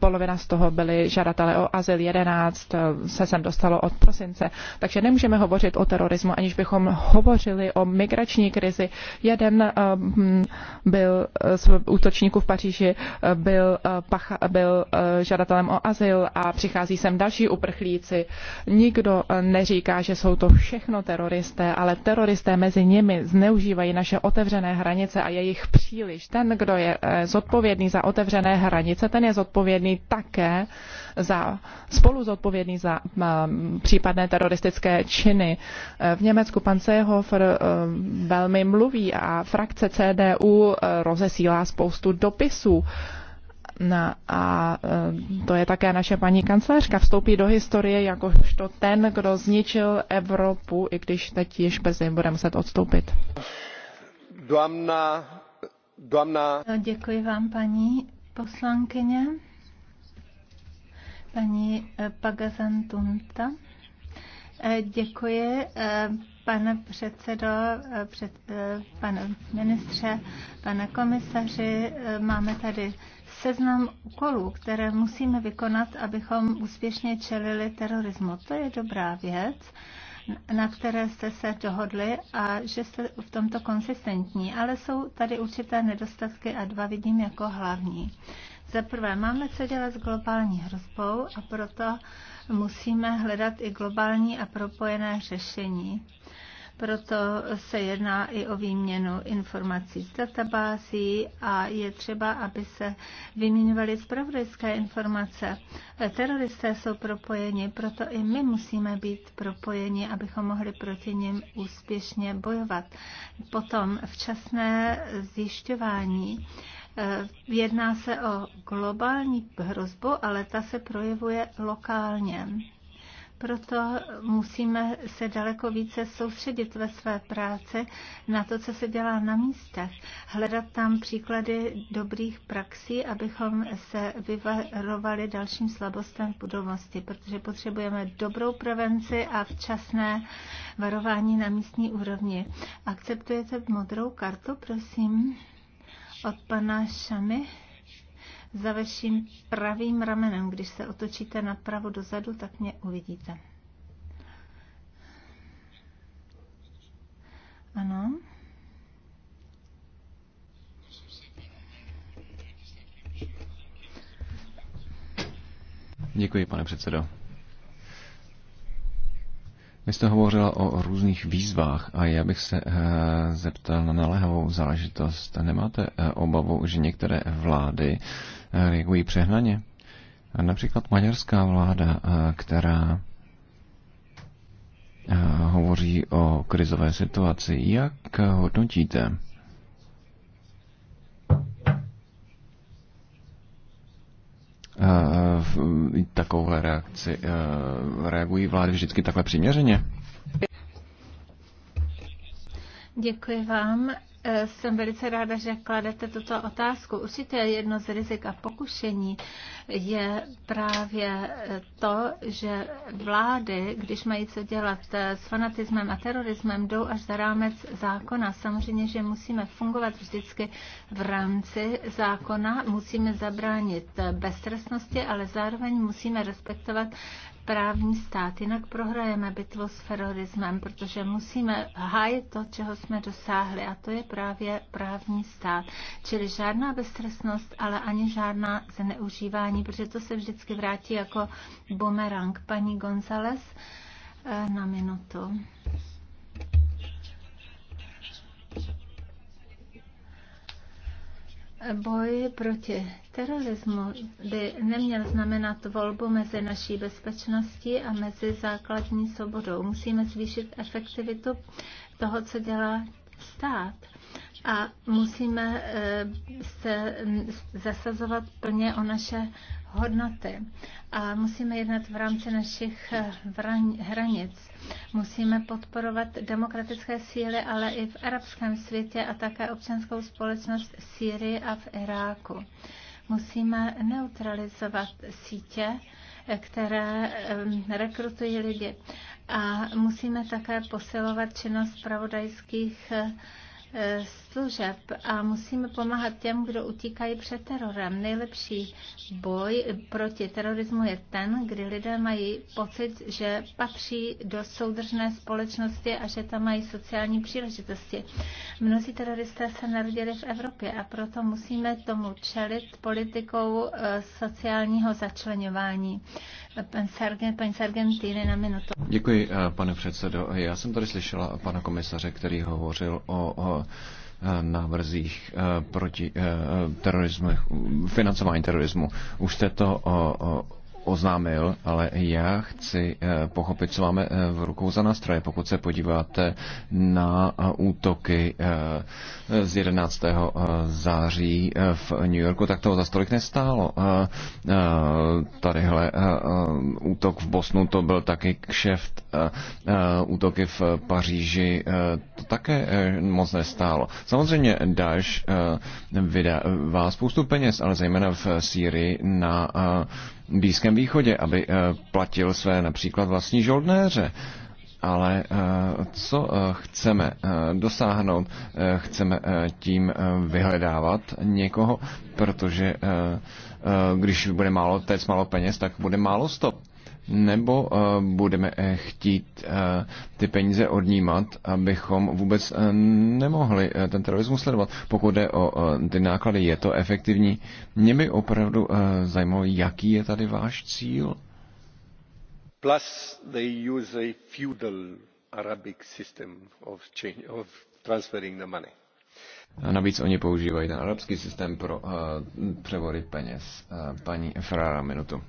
polovina z toho byli žadatelé o azyl, 11 eh, se sem dostalo od prosince. Takže nemůžeme hovořit o terorismu, aniž bychom hovořili o migrační krizi. Jeden hm, byl z útočníků v Paříži, byl, byl žadatelem o azyl a přichází sem další uprchlíci. Nikdo neříká, že jsou to všechno teroristé, ale teroristé mezi nimi zneužívají naše otevřené hranice a jejich příliš když ten, kdo je eh, zodpovědný za otevřené hranice, ten je zodpovědný také za, spolu zodpovědný za případné teroristické činy. Eh, v Německu pan Seehofer eh, velmi mluví a frakce CDU rozesílá spoustu dopisů a to je také naše paní kancelářka vstoupí do historie jakožto ten, kdo zničil Evropu, i když teď již bez něj bude muset odstoupit. Doamna doamna... No, děkuji vám, paní poslankyně. Paní eh, Pagazantunta. Eh, děkuji, eh, pane předsedo, před, pane ministře, pane komisaři. Máme tady seznam úkolů, které musíme vykonat, abychom úspěšně čelili terorismu. To je dobrá věc na které jste se dohodli a že jste v tomto konsistentní, ale jsou tady určité nedostatky a dva vidím jako hlavní. Za prvé, máme co dělat s globální hrozbou a proto musíme hledat i globální a propojené řešení proto se jedná i o výměnu informací z databází a je třeba, aby se vyměňovaly zpravodajské informace. Teroristé jsou propojeni, proto i my musíme být propojeni, abychom mohli proti nim úspěšně bojovat. Potom včasné zjišťování. Eh, jedná se o globální hrozbu, ale ta se projevuje lokálně. Proto musíme se daleko více soustředit ve své práci na to, co se dělá na místech. Hledat tam příklady dobrých praxí, abychom se vyvarovali dalším slabostem v budoucnosti, protože potřebujeme dobrou prevenci a včasné varování na místní úrovni. Akceptujete modrou kartu, prosím, od pana Šamy? za vaším pravým ramenem. Když se otočíte napravo dozadu, tak mě uvidíte. Ano. Děkuji, pane předsedo. Vy jste hovořila o různých výzvách a já bych se eh, zeptal na naléhavou záležitost. Nemáte eh, obavu, že některé vlády eh, reagují přehnaně? Například maďarská vláda, která hovoří o krizové situaci. Jak hodnotíte Eh, takovouhle reakci eh, reagují vlády vždycky takhle přiměřeně? Děkuji vám. Eh, jsem velice ráda, že kladete tuto otázku. Určitě jedno z rizik a pokušení je právě eh, to, že vlády, když mají co dělat eh, s fanatismem a terorismem, jdou až za rámec zákona. Samozřejmě, že musíme fungovat vždycky v rámci zákona, musíme zabránit beztrestnosti, ale zároveň musíme respektovat právní stát. Jinak prohrajeme bitvu s terorismem, protože musíme hájit to, čeho jsme dosáhli, a to je právě právní stát. Čili žádná beztrestnost, ale ani žádná zneužívání, protože to se vždycky vrátí jako bumerang. Paní González eh, na minutu. Boj proti terorismu by neměl znamenat volbu mezi naší bezpečností a mezi základní svobodou. Musíme zvýšit efektivitu toho, co dělá stát a musíme eh, se mm, zasazovat plně o naše hodnoty a musíme jednat v rámci našich eh, hranic. Musíme podporovat demokratické síly, ale i v arabském světě a také občanskou společnost v Syrii a v Iráku. Musíme neutralizovat sítě, eh, které rekrutují lidi. A musíme také posilovat činnost pravodajských Eh, služeb a musíme pomáhat těm, kdo utíkají před terorem. Nejlepší boj proti terorismu je ten, kdy lidé mají pocit, že patří do soudržné společnosti a že tam mají sociální příležitosti. Mnozí teroristé se narodili v Evropě a proto musíme tomu čelit politikou eh, sociálního začlenování. Děkuji, eh, pane předsedo. Já jsem tady slyšela pana komisaře, který hovořil o, o eh, návrzích eh, proti terorismu, financování terorismu. Už jste to o, o, oznámil, ale já chci eh, pochopit, co máme eh, v rukou za nástroje. Pokud se podíváte na eh, útoky z 11. září v New Yorku, tak toho za stolik nestálo. Tadyhle útok v Bosnu, to byl taky kšeft. Útoky v Paříži, to také moc nestálo. Samozřejmě Daesh vydává spoustu peněz, ale zejména v Sýrii na Blízkém východě, aby eh, platil své například vlastní žoldnéře. Ale eh, co eh, chceme dosáhnout? Chceme tím vyhledávat někoho, protože když bude málo tec, málo peněz, tak bude málo stop nebo eh, budeme eh, chtít eh, ty peníze odnímat, abychom vůbec nemohli ten terorismus sledovat. Pokud jde o ty náklady, je to efektivní. Mě by opravdu zajímalo, jaký je tady váš cíl. Plus they use a feudal Arabic system of, change, of transferring the money. A navíc oni používají ten arabský systém pro uh, převody peněz. Uh, paní Ferrara, minutu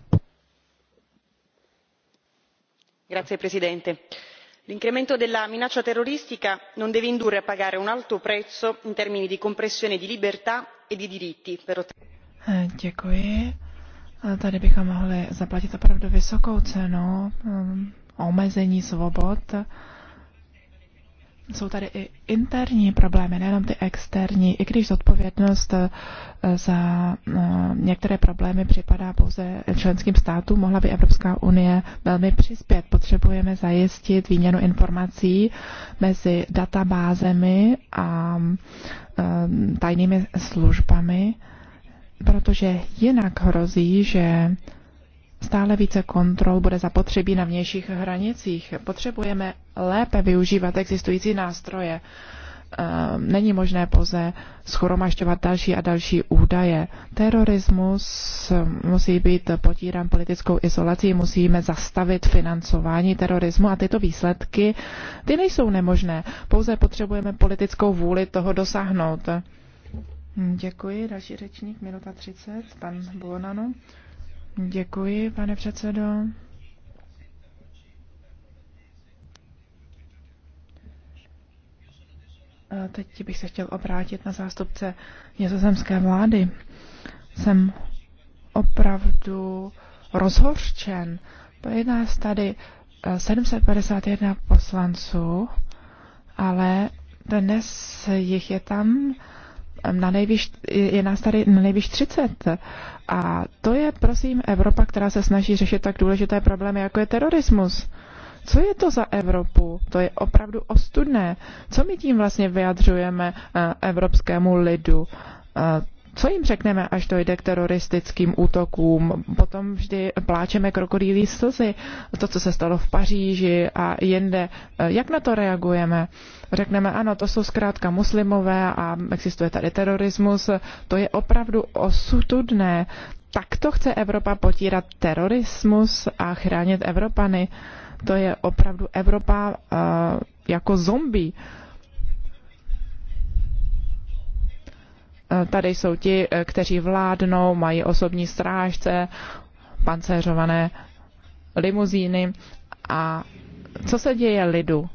signor presidente onorevoli colleghi l'incremento della minaccia terroristica non deve indurre a pagare un alto prezzo in termini di compressione di libertà e di diritti. Eh, děkuji. tady bychom mohli zaplatit opravdu vysokou cenu ehm, omezení svobod jsou tady i interní problémy, nejenom ty externí, i když zodpovědnost eh, za eh, některé problémy připadá pouze členským státům, mohla by Evropská unie velmi přispět. Potřebujeme zajistit výměnu informací mezi databázemi a eh, tajnými službami, protože jinak hrozí, že Stále více kontrol bude zapotřebí na vnějších hranicích. Potřebujeme lépe využívat existující nástroje. Ehm, není možné pouze schromažďovat další a další údaje. Terorismus musí být potíran politickou izolací, musíme zastavit financování terorismu a tyto výsledky, ty nejsou nemožné. Pouze potřebujeme politickou vůli toho dosáhnout. Hm, děkuji. Další řečník, minuta 30, pan Buonano. Děkuji, pane předsedo. A teď bych se chtěl obrátit na zástupce nizozemské vlády. Jsem opravdu rozhořčen. Je nás tady 751 eh, poslanců, ale dnes jich je tam na nejvíš, je nás tady na nejvýš 30. A to je, prosím, Evropa, která se snaží řešit tak důležité problémy, jako je terorismus. Co je to za Evropu? To je opravdu ostudné. Co my tím vlastně vyjadřujeme eh, evropskému lidu? Eh, co jim řekneme, až dojde k teroristickým útokům? Potom vždy pláčeme krokodýlí slzy. To, co se stalo v Paříži a jinde. Jak na to reagujeme? Řekneme, ano, to jsou zkrátka muslimové a existuje tady terorismus. To je opravdu osudné. Tak to chce Evropa potírat terorismus a chránit Evropany. To je opravdu Evropa uh, jako zombie tady jsou ti, eh, kteří vládnou, mají osobní strážce, pancéřované limuzíny. A co se děje lidu?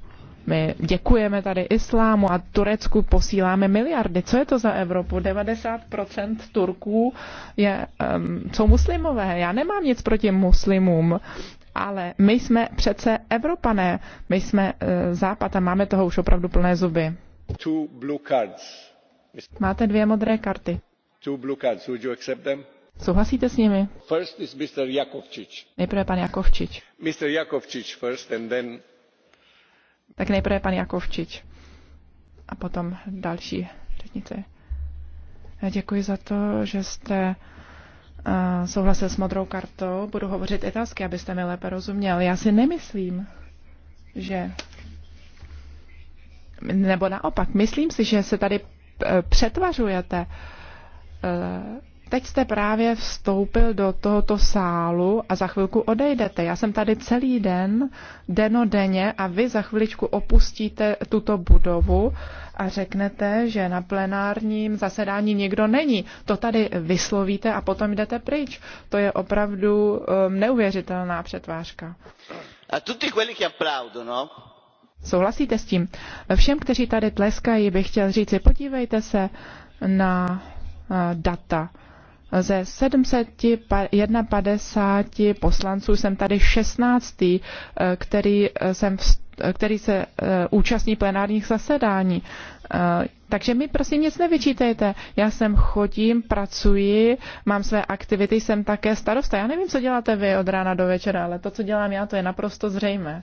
My děkujeme tady islámu a Turecku posíláme miliardy. Co je to za Evropu? 90% Turků je, um, jsou muslimové. Já nemám nic proti muslimům, ale my jsme přece Evropané. My jsme uh, Západ a máme toho už opravdu plné zuby. Two blue cards. Máte dvě modré karty. Souhlasíte s nimi? First is Mr. Jakovčič. Nejprve pan Jakovčič. Mr. Jakovčič first and then... Tak nejprve pan Jakovčič. A potom další řečnice. Děkuji za to, že jste eh, souhlasil s modrou kartou. Budu hovořit italsky, abyste mi lépe rozuměl. Já si nemyslím, že nebo naopak, myslím si, že se tady Eh, přetvařujete. Eh, teď jste právě vstoupil do tohoto sálu a za chvilku odejdete. Já jsem tady celý den, denodenně a vy za chviličku opustíte tuto budovu a řeknete, že na plenárním zasedání nikdo není. To tady vyslovíte a potom jdete pryč. To je opravdu um, neuvěřitelná přetvářka. A tutti quelli che applaudono Souhlasíte s tím? Všem, kteří tady tleskají, bych chtěl říct, podívejte se na eh, data. Ze 751 poslanců jsem tady 16. Eh, který, eh, jsem, který se účastní plenárních zasedání. Takže mi prosím nic nevyčítejte. Já jsem chodím, pracuji, mám své aktivity, jsem také starosta. Já nevím, co děláte vy od rána do večera, ale to, co dělám já, to je naprosto zřejmé.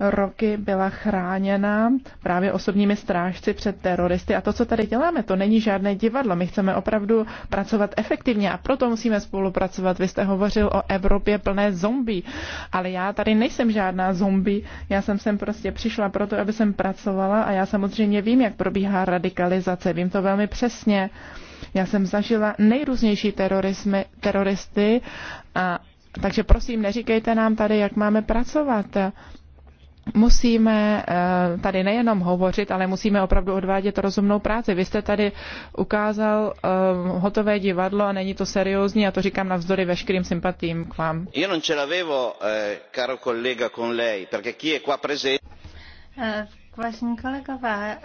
roky byla chráněna právě osobními strážci před teroristy. A to, co tady děláme, to není žádné divadlo. My chceme opravdu pracovat efektivně a proto musíme spolupracovat. Vy jste hovořil o Evropě plné zombí, ale já tady nejsem žádná zombie. Já jsem sem prostě přišla proto, aby jsem pracovala a já samozřejmě vím, jak probíhá radikalizace. Vím to velmi přesně. Já jsem zažila nejrůznější terorismy, teroristy a takže prosím, neříkejte nám tady, jak máme pracovat musíme eh, tady nejenom hovořit, ale musíme opravdu odvádět rozumnou práci. Vy jste tady ukázal eh, hotové divadlo a není to seriózní a to říkám navzdory veškerým sympatím k vám. Eh, vážení kolegové,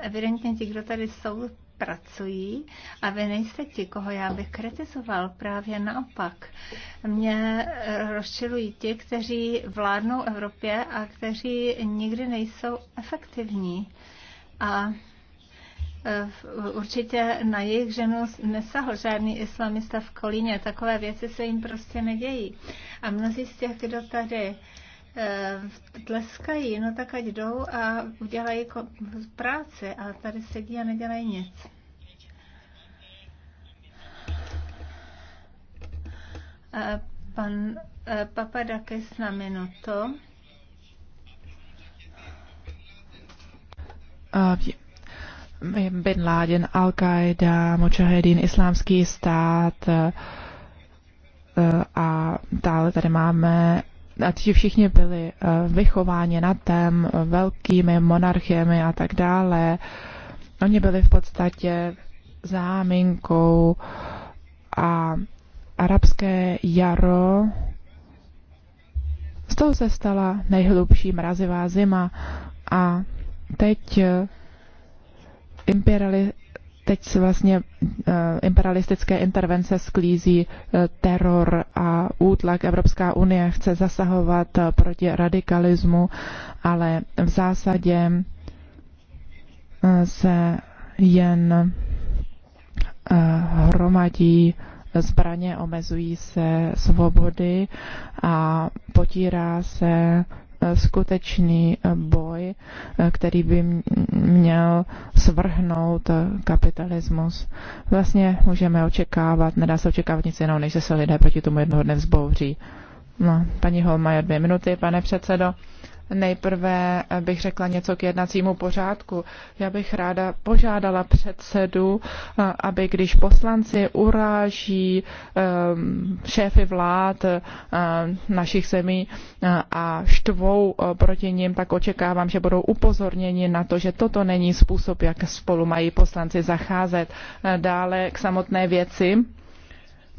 evidentně ti, kdo tady jsou, pracují a vy nejste ti, koho já bych kritizoval, právě naopak. Mě eh, rozčilují ti, kteří vládnou Evropě a kteří nikdy nejsou efektivní. A eh, Určitě na jejich ženu nesahl žádný islamista v Kolíně. Takové věci se jim prostě nedějí. A mnozí z těch, kdo tady Eh, tleskají, no tak ať jdou a udělají práci a tady sedí a nedělají nic. Eh, pan eh, Papadakis na minuto. Bin Laden, Al-Qaida, Mujahedin, Islámský stát a dále tady máme a ti všichni byli eh, vychováni na tém eh, velkými monarchiemi a tak dále. Oni byli v podstatě záminkou a arabské jaro z toho se stala nejhlubší mrazivá zima a teď eh, imperiali, teď se vlastně eh, imperialistické intervence sklízí eh, teror a útlak. Evropská unie chce zasahovat eh, proti radikalismu, ale v zásadě se jen hromadí zbraně, omezují se svobody a potírá se Eh, skutečný eh, boj, eh, který by měl svrhnout kapitalismus. Vlastně můžeme očekávat, nedá se očekávat nic jiného, než se lidé proti tomu jednoho dne vzbouří. No, paní Holmajer, dvě minuty, pane předsedo. Nejprve bych řekla něco k jednacímu pořádku. Já bych ráda požádala předsedu, aby když poslanci uráží ehm, šéfy vlád ehm, našich zemí eh, a štvou eh, proti ním, tak očekávám, že budou upozorněni na to, že toto není způsob, jak spolu mají poslanci zacházet. Eh, dále k samotné věci.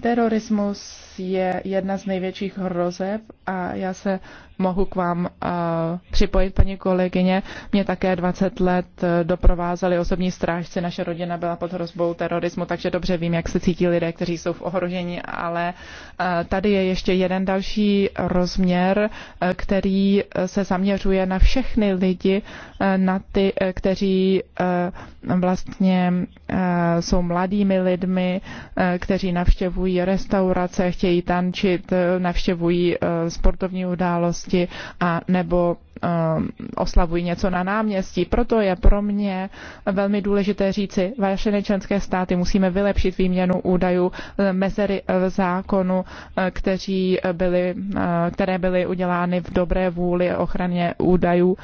Terorismus je jedna z největších hrozeb a já se mohu k vám eh, připojit, paní kolegyně. Mě také 20 let eh, doprovázeli osobní strážci, naše rodina byla pod hrozbou terorismu, takže dobře vím, jak se cítí lidé, kteří jsou v ohrožení, ale eh, tady je ještě jeden další rozměr, který se zaměřuje na všechny lidi, na ty, kteří vlastně jsou mladými lidmi, kteří navštěvují restaurace, chtějí tančit, navštěvují sportovní události, místnosti a nebo ehm, oslavují něco na náměstí. Proto je pro mě velmi důležité říci, Vaše členské státy, musíme vylepšit výměnu údajů e, mezery e, v zákonu, e, kteří byly, které byly udělány v dobré vůli ochraně údajů.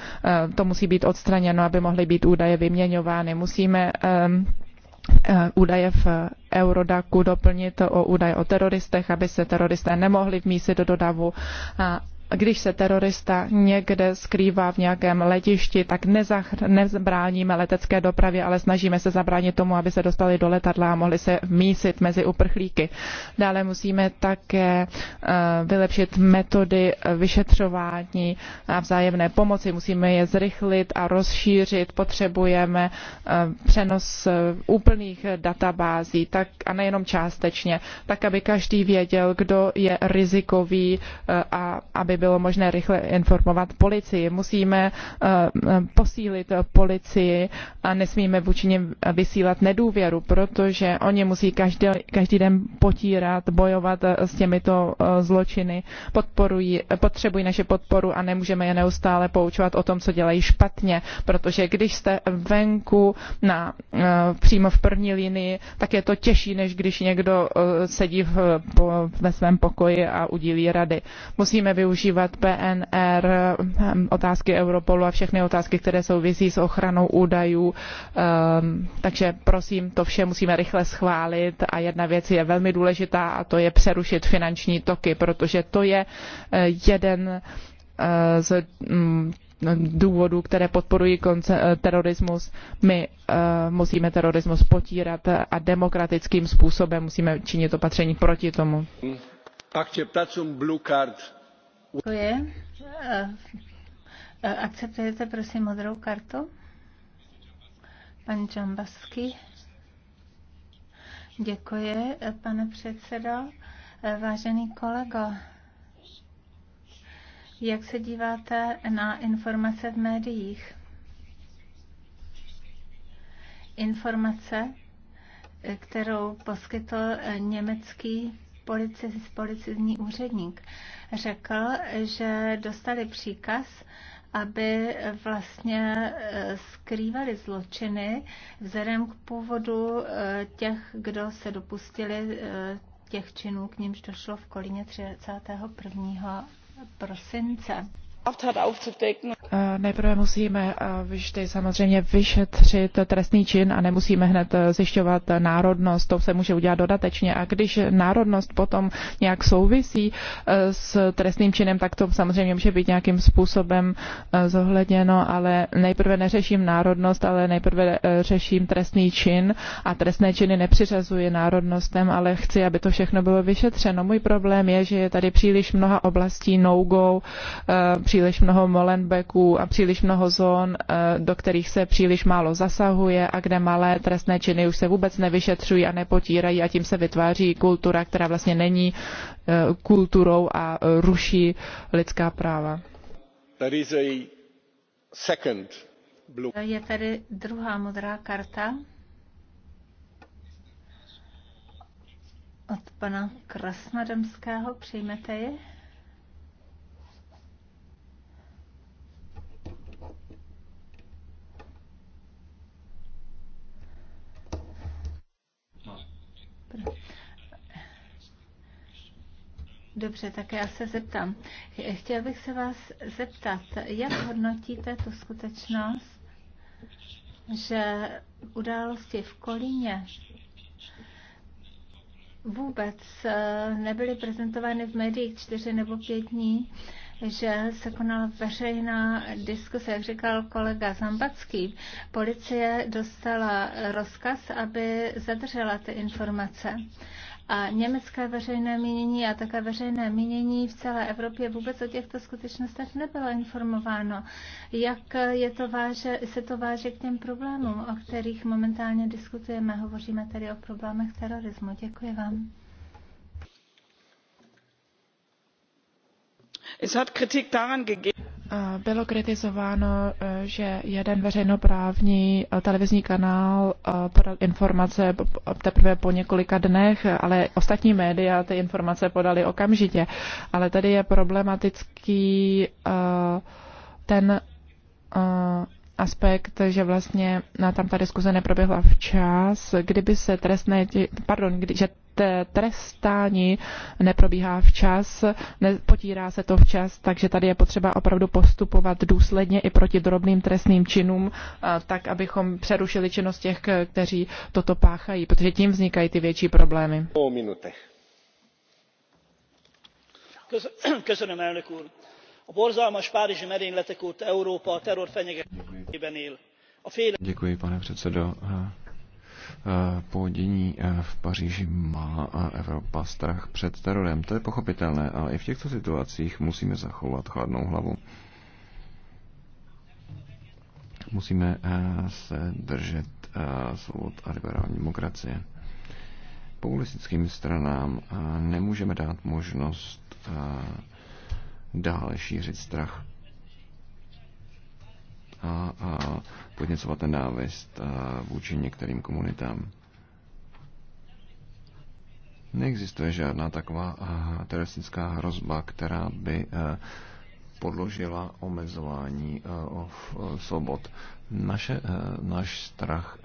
To musí být odstraněno, aby mohly být údaje vyměňovány. Musíme ehm, údaje v Eurodaku doplnit o údaj o teroristech, aby se teroristé nemohli vmísit do dodavu když se terorista někde skrývá v nějakém letišti, tak nezabráníme letecké dopravě, ale snažíme se zabránit tomu, aby se dostali do letadla a mohli se mísit mezi uprchlíky. Dále musíme také eh, vylepšit metody eh, vyšetřování a vzájemné pomoci. Musíme je zrychlit a rozšířit. Potřebujeme eh, přenos úplných databází tak, a nejenom částečně, tak aby každý věděl, kdo je rizikový a aby bylo možné rychle informovat policii. Musíme eh, eh, posílit policii a nesmíme vůči nim vysílat nedůvěru, protože oni musí každý, každý den potírat, bojovat eh, s těmito zločiny, podporují, potřebují naše podporu a nemůžeme je neustále poučovat o tom, co dělají špatně, protože když jste venku na, přímo v první linii, tak je to těžší, než když někdo sedí v, po, ve svém pokoji a udílí rady. Musíme využít využívat PNR, ehm, otázky Europolu a všechny otázky, které souvisí s ochranou údajů. Ehm, takže prosím, to vše musíme rychle schválit a jedna věc je velmi důležitá a to je přerušit finanční toky, protože to je eh, jeden eh, z mm, důvodů, které podporují eh, terorismus. My musíme terorismus potírat a demokratickým způsobem musíme činit opatření proti tomu. Akceptați blue card Děkuji. Akceptujete prosím modrou kartu? Pan Džambasky. Děkuji, pane předsedo. Vážený kolego, jak se díváte na informace v médiích? Informace, kterou poskytl německý policizní úředník řekl, že dostali příkaz, aby vlastně eh, skrývali zločiny vzhledem k původu eh, těch, kdo se dopustili eh, těch činů, k nímž došlo v Kolíně 31. prosince. Eh, nejprve musíme eh, vždy samozřejmě vyšetřit trestný čin a nemusíme hned eh, zjišťovat národnost, to se může udělat dodatečně. A když národnost potom nějak souvisí s trestným činem, tak to samozřejmě může být nějakým způsobem zohledněno, ale nejprve neřeším národnost, ale nejprve řeším trestný čin a trestné činy nepřiřazuji národnostem, ale chci, aby to všechno bylo vyšetřeno. Můj problém je, že je tady příliš mnoha oblastí no-go, příliš příliš mnoho molenbeků a příliš mnoho zón, eh, do kterých se příliš málo zasahuje a kde malé trestné činy už se vůbec nevyšetřují a nepotírají a tím se vytváří kultura, která vlastně není eh, kulturou a eh, ruší lidská práva. Je tady druhá modrá karta od pana Krasnodemského. Přijmete ji? Dobře, tak já se zeptám. Chtěl bych se vás zeptat, jak hodnotíte tu skutečnost, že události v Kolíně vůbec eh, nebyly prezentovány v médiích čtyři nebo pět dní že se konala veřejná diskuse, jak říkal kolega Zambacký. Policie dostala rozkaz, aby zadržela ty informace. A německé veřejné mínění a také veřejné mínění v celé Evropě vůbec o těchto skutečnostech nebylo informováno. Jak je to váže, se to váže k těm problémům, o kterých momentálně diskutujeme? Hovoříme tedy o problémech terorismu. Děkuji vám. Bylo kritizováno, eh, že jeden veřejnoprávní eh, televizní kanál eh, podal informace teprve po několika dnech, ale ostatní média ty informace podali okamžitě. Ale tady je problematický ten aspekt, že vlastně na tam ta diskuze neproběhla včas, kdyby se trestné, pardon, kdy, že trestání neprobíhá včas, nepotírá se to včas, takže tady je potřeba opravdu postupovat důsledně i proti drobným trestným činům, tak abychom přerušili činnost těch, kteří toto páchají, protože tím vznikají ty větší problémy. O minutech. (clears throat) a borzalmas párizsi merényletek óta európa a terrorfenyegetésben él. a félelem. Děkuji, pane předsedo. Eh, eh, po eh, v Paříži má a Evropa strach před terorem. To je pochopitelné, ale i v těchto situacích musíme zachovat chladnou hlavu musíme se držet svobod a liberální demokracie. Populistickým stranám nemůžeme dát možnost dále šířit strach a, a podněcovat nenávist vůči některým komunitám. Neexistuje žádná taková teroristická hrozba, která by podložila omezování svobod. Naše, naš strach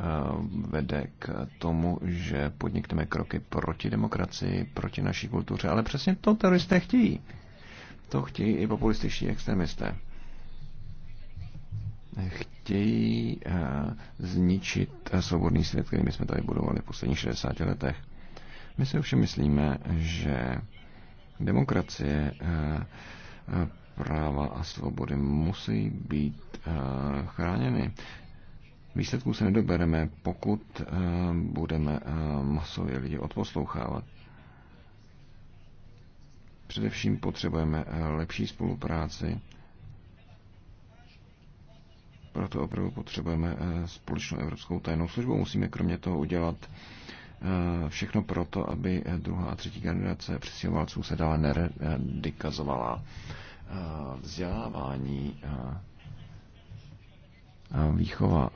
vede k tomu, že podnikneme kroky proti demokracii, proti naší kultuře, ale přesně to teroristé chtějí. To chtějí i populističtí extremisté. Chtějí eh, zničit eh, svobodný svět, který my jsme tady budovali v posledních 60 letech. My si ovšem myslíme, že demokracie, eh, práva a svobody musí být chráněny. Výsledků se nedobereme, pokud budeme masově lidi odposlouchávat. Především potřebujeme eh, lepší spolupráci, proto opravdu potřebujeme eh, společnou evropskou tajnou službu. Musíme kromě toho udělat eh, všechno proto, aby druhá a třetí generace přesilovalců se dále neredikazovala. Vzdělávání, výchova,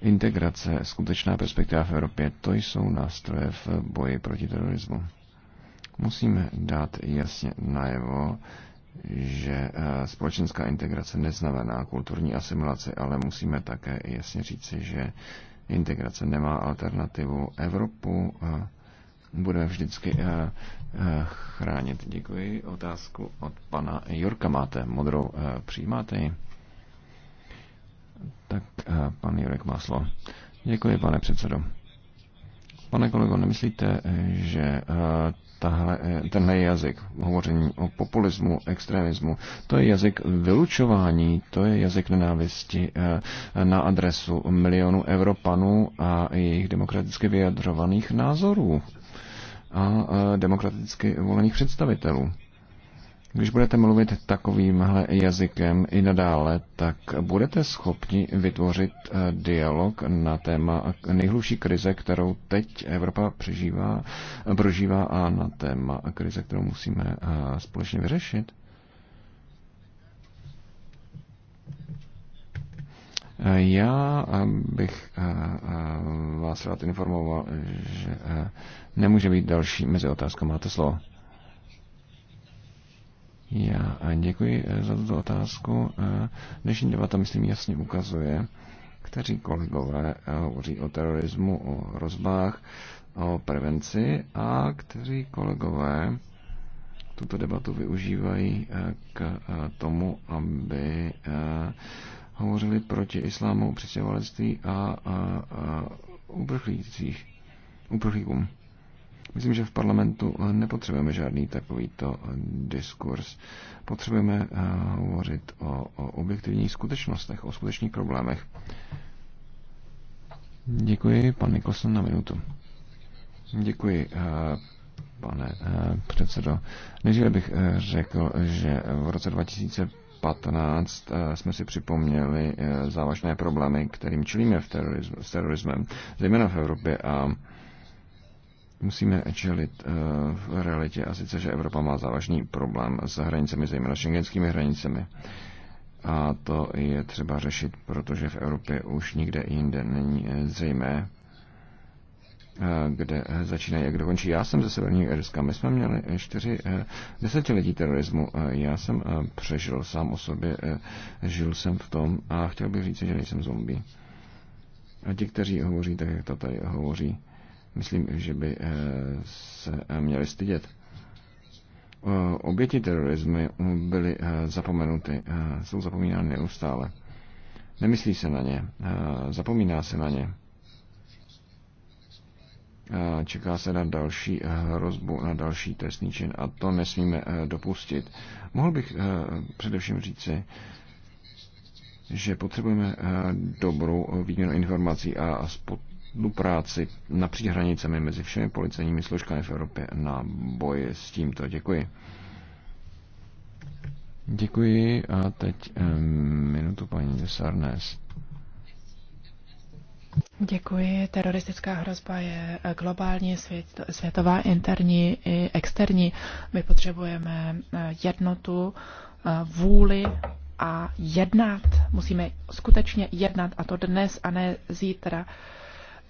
integrace, skutečná perspektiva v Evropě, to jsou nástroje v boji proti terorismu. Musíme dát jasně najevo, že eh, společenská integrace neznamená kulturní asimilaci, ale musíme také jasně říci, že integrace nemá alternativu. Evropu eh, budeme vždycky eh, chránit. Děkuji. Otázku od pana Jurka máte. Modrou přijímáte ji? Tak pan Jurek má slovo. Děkuji, pane předsedo. Pane kolego, nemyslíte, že tahle, eh, tenhle jazyk hovoření o populismu, extremismu. To je jazyk vylučování, to je jazyk nenávisti eh, na adresu milionů Evropanů a jejich demokraticky vyjadřovaných názorů a eh, demokraticky volených představitelů. Když budete mluvit takovýmhle jazykem i nadále, tak budete schopni vytvořit eh, dialog na téma eh, nejhluší krize, kterou teď Evropa přežívá, eh, prožívá a na téma krize, kterou musíme společně vyřešit? Já bych vás rád informoval, že nemůže být další mezi otázka. Máte slovo. A děkuji eh, za tuto otázku. Eh, dnešní debata, myslím, jasně ukazuje, kteří kolegové eh, hovoří o terorismu, o rozbách, o prevenci a kteří kolegové tuto debatu využívají k tomu, aby hovořili proti islámu, přistěhovalectví a uprchlících, uprchlíkům. Myslím, že v parlamentu eh, nepotřebujeme žádný takovýto eh, diskurs. Potřebujeme eh, hovořit o, o objektivních skutečnostech, o skutečných problémech. Děkuji, pan Nikolson, na minutu. Děkuji, pane předsedo. Než bych řekl, že v roce 2000 15 jsme si připomněli závažné problémy, kterým čelíme v terorizm, s terorismem, zejména v Evropě a musíme čelit eh, v realitě a sice, že Evropa má závažný problém s hranicemi, zejména šengenskými hranicemi. A to je třeba řešit, protože v Evropě už nikde jinde není eh, zřejmé, eh, kde začínají a kde končí. Já jsem ze Severního Irska. My jsme měli čtyři desetiletí terorismu. Já jsem přežil sám o sobě, žil jsem v tom a chtěl bych říct, že nejsem zombie. A ti, kteří hovoří tak, jak to tady hovoří, Myslím, že by eh, se eh, měli stydět. Eh, oběti terorismu byly zapomenuty, jsou zapomínány neustále. Nemyslí se na ně, zapomíná se na ně. Čeká se na další hrozbu, na další trestný čin a to nesmíme dopustit. Mohl bych především říci, že potřebujeme dobrou výměnu informací a spod spolupráci napříč hranicemi mezi všemi policejními složkami v Evropě na boji s tímto. Děkuji. Děkuji a teď minutu paní Sarnes. Děkuji. Teroristická hrozba je eh, globální, svět, světová, interní i externí. My potřebujeme eh, jednotu, eh, vůli a jednat. Musíme skutečně jednat a to dnes a ne zítra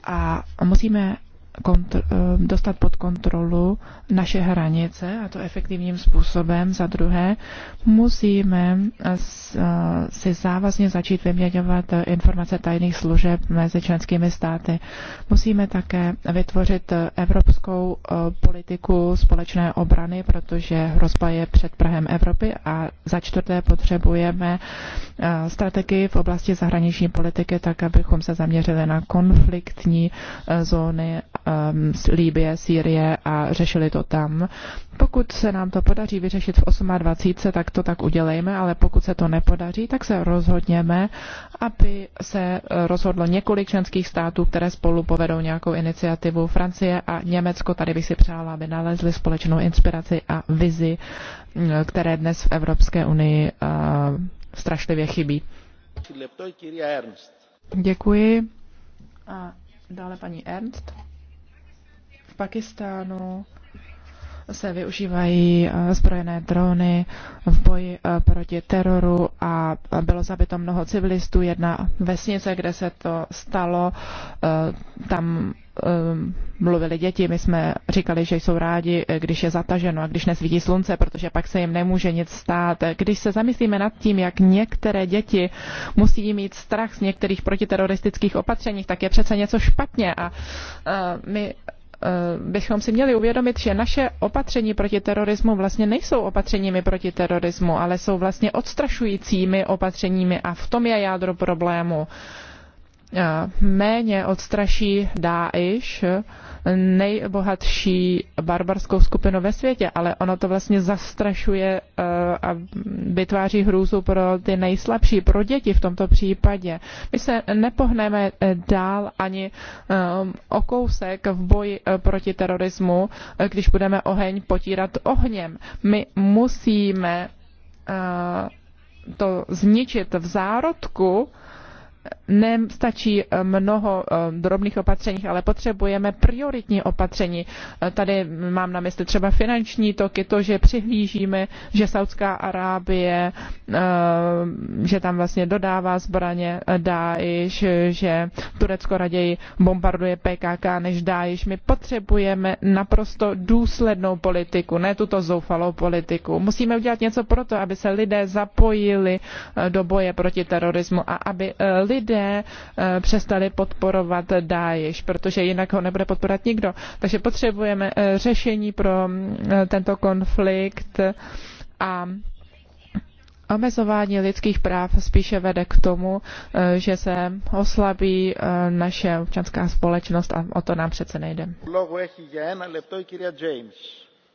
a musíme kontr- eh, dostat pod kontrolu naše hranice, a to efektivním způsobem. Za druhé, musíme eh, eh, si závazně začít vyměňovat informace tajných služeb mezi členskými státy. Musíme také vytvořit evropskou politiku společné obrany, protože hrozba je před Prahem Evropy a za čtvrté potřebujeme strategii v oblasti zahraniční politiky, tak abychom se zaměřili na konfliktní zóny z um, Líbie, Sýrie a řešili to tam. Pokud se nám to podaří vyřešit v 28, tak to tak udělejme, ale pokud se to nepodaří, tak se rozhodněme, aby se rozhodlo několik členských států, které spolu povedou nějakou iniciativu. Francie a Německo, tady bych si přála, aby nalezli společnou inspiraci a vizi, které dnes v Evropské unii uh, strašlivě chybí. Děkuji. A dále paní Ernst. V Pakistánu se využívají eh, zbrojené drony v boji eh, proti teroru a bylo zabito mnoho civilistů. Jedna vesnice, kde se to stalo, eh, tam mluvili děti, my jsme říkali, že jsou rádi, když je zataženo a když nesvítí slunce, protože pak se jim nemůže nic stát. Když se zamyslíme nad tím, jak některé děti musí mít strach z některých protiteroristických opatřeních, tak je přece něco špatně a my Eh, bychom si měli uvědomit, že naše opatření proti terorismu vlastně nejsou opatřeními proti terorismu, ale jsou vlastně odstrašujícími opatřeními a v tom je jádro problému. Eh, méně odstraší Dáiš, nejbohatší barbarskou skupinu ve světě, ale ono to vlastně zastrašuje eh, a vytváří hrůzu pro ty nejslabší, pro děti v tomto případě. My se nepohneme eh, dál ani eh, o kousek v boji proti terorismu, když budeme oheň potírat ohněm. My musíme to zničit v zárodku, nestačí eh, mnoho eh, drobných opatření, ale potřebujeme prioritní opatření. Eh, tady mám na mysli třeba finanční toky, to, že přihlížíme, že Saudská Arábie, že tam vlastně dodává zbraně Dáiš, že Turecko raději bombarduje PKK než Dáiš. My potřebujeme naprosto důslednou politiku, ne tuto zoufalou politiku. Musíme udělat něco proto, aby se lidé zapojili do boje proti terorismu a aby lidé lidé eh, přestali podporovat Dáješ, protože jinak ho nebude podporovat nikdo. Takže potřebujeme eh, řešení pro mm, eh, tento konflikt a omezování lidských práv spíše vede k tomu, že se oslabí naše občanská společnost a o to nám přece nejde.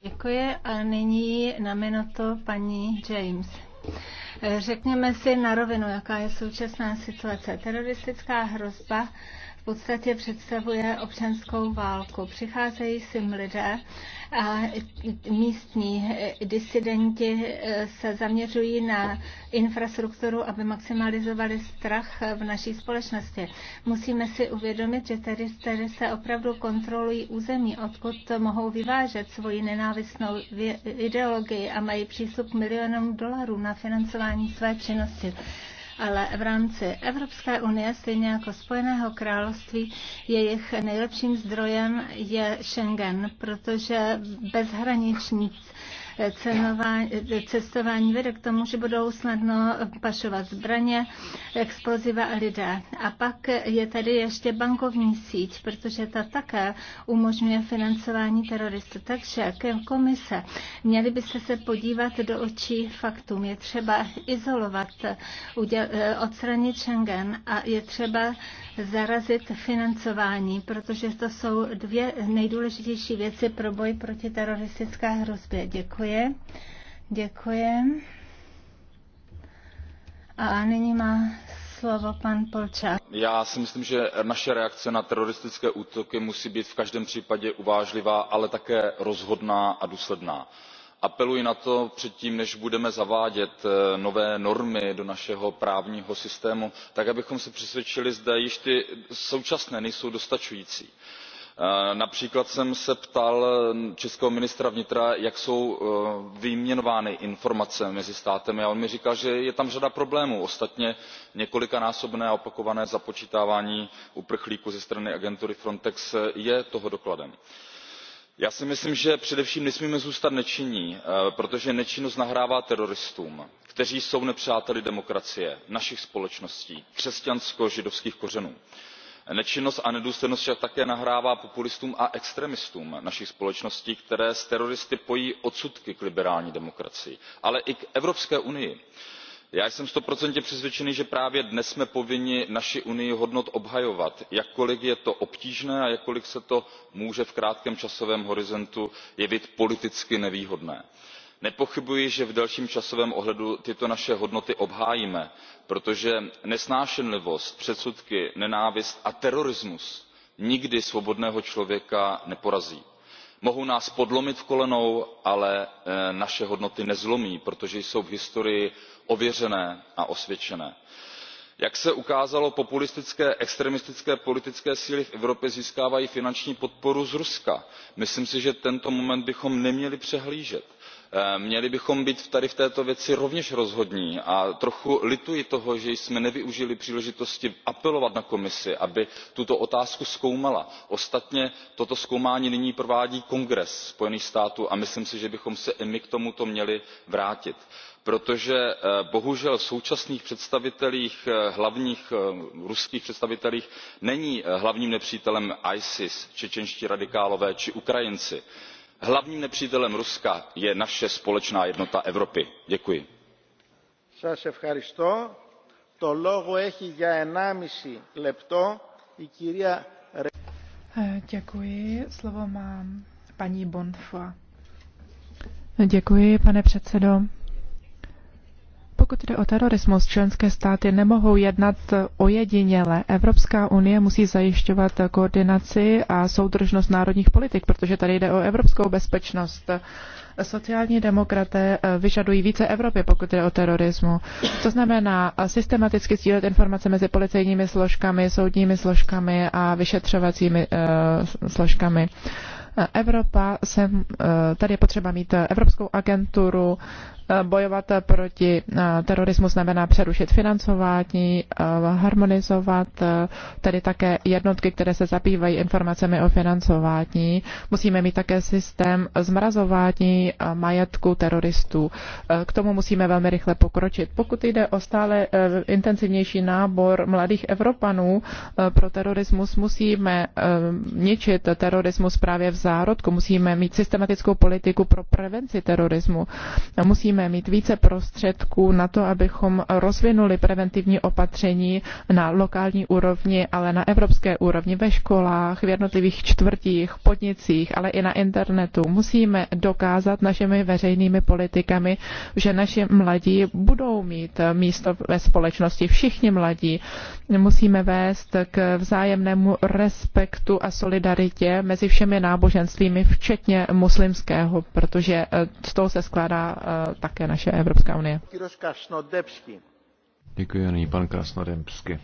Děkuji a nyní na to paní James. Řekněme si na rovinu, jaká je současná situace. Teroristická hrozba v podstatě představuje občanskou válku. Přicházejí sem lidé, a místní disidenti eh, se zaměřují na infrastrukturu, aby maximalizovali strach v naší společnosti. Musíme si uvědomit, že teroristé se opravdu kontrolují území, odkud mohou vyvážet svoji nenávistnou ideologii a mají přístup k milionům dolarů na financování své činnosti ale v rámci Evropské unie, stejně jako Spojeného království, jejich nejlepším zdrojem je Schengen, protože bezhraniční cestování vede k tomu, že budou snadno pašovat zbraně, exploziva a lidé. A pak je tady ještě bankovní síť, protože ta také umožňuje financování teroristů. Takže komise, měli by se se podívat do očí faktům. Je třeba izolovat, eh, odstranit Schengen a je třeba zarazit financování, protože to jsou dvě nejdůležitější věci pro boj proti teroristické hrozbě. Děkuji. Děkuji. Děkuji. A nyní má slovo pan Polčák. Já si myslím, že naše reakce na teroristické útoky musí být v každém případě uvážlivá, ale také rozhodná a důsledná apeluji na to předtím než budeme zavádět eh, nové normy do našeho právního systému tak abychom se přesvědčili zda již ty současné nejsou dostačující. Eh, například jsem se ptal eh, českého ministra vnitra jak jsou eh, vyměňovány informace mezi státy a on mi říkal že je tam řada problémů ostatně několikanásobné a opakované započítávání uprchlíků ze strany agentury frontex je toho dokladem. já si myslím že především nesmíme zůstat nečinní protože nečinnost nahrává teroristům kteří jsou nepřáteli demokracie našich společností křesťansko židovských kořenů nečinnost a nedůstojnost však také nahrává populistům a extremistům našich společností kteří s teroristy pojí odsudky k liberální demokracii ale i k evropské unii. já jsem stoprocentně přesvědčený že právě dnes jsme povinni naši unii hodnot obhajovat jakkoliv je to obtížné a jakkoliv se to může v krátkém časovém horizontu jevit politicky nevýhodné nepochybuji že v delším časovém ohledu tyto naše hodnoty obhájíme protože nesnášenlivost předsudky nenávist a terorismus nikdy svobodného člověka neporazí. mohou nás podlomit v kolenou ale eh, naše hodnoty nezlomí protože jsou v historii ověřené a osvědčené. jak se ukázalo populistické extremistické politické síly v evropě získávají finanční podporu z ruska. myslím si že tento moment bychom neměli přehlížet. Eh, měli bychom být v této věci rovněž rozhodní a trochu lituji toho že jsme nevyužili příležitosti apelovat na komisi aby tuto otázku zkoumala. ostatně toto zkoumání nyní provádí kongres spojených států a myslím si že bychom se i my k tomuto měli vrátit protože eh, bohužel v současných představitelích eh, hlavních ruských představitelích není hlavním nepřítelem isis čečenští radikálové či ukrajinci hlavním nepřítelem ruska je naše společná jednota evropy. děkuji. děkuji. Slovo má paní Děkuji, pane předsedo. Pokud jde o terorismus, členské státy nemohou jednat ojediněle. Evropská unie musí zajišťovat koordinaci a soudržnost národních politik, protože tady jde o evropskou bezpečnost. Sociální demokraté eh, vyžadují více Evropy, pokud jde o terorismu. To znamená eh, systematicky sdílet informace mezi policejními složkami, soudními složkami a vyšetřovacími uh, složkami. Evropa, sem, tady je potřeba mít Evropskou agenturu Eh, bojovat proti eh, terorismu znamená přerušit financování, eh, harmonizovat tedy také jednotky, které se zabývají informacemi o financování. Musíme mít také systém zmrazování majetku teroristů. K tomu musíme velmi rychle pokročit. Pokud jde o stále intenzivnější nábor mladých Evropanů pro terorismus, musíme ničit terorismus právě v zárodku. Musíme mít systematickou politiku pro prevenci terorismu. Musíme musíme mít více prostředků na to, abychom rozvinuli preventivní opatření na lokální úrovni, ale na evropské úrovni ve školách, v jednotlivých čtvrtích, podnicích, ale i na internetu. Musíme dokázat našimi veřejnými politikami, že naši mladí budou mít místo ve společnosti. Všichni mladí musíme vést k vzájemnému respektu a solidaritě mezi všemi náboženstvími, včetně muslimského, protože z eh, toho se skládá tak eh, také naše Evropská unie. Děkuji, nyní pan Krasnodemsky.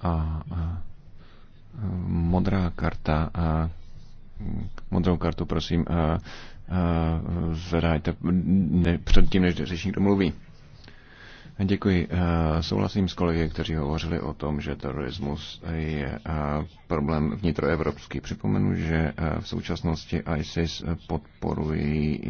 A, a modrá karta, a, modrou kartu, prosím, a, a, zvedajte ne, předtím, než řečník domluví. Děkuji. Eh, souhlasím s kolegy, kteří hovořili o tom, že terorismus je eh, problém vnitroevropský. Připomenu, že eh, v současnosti ISIS podporují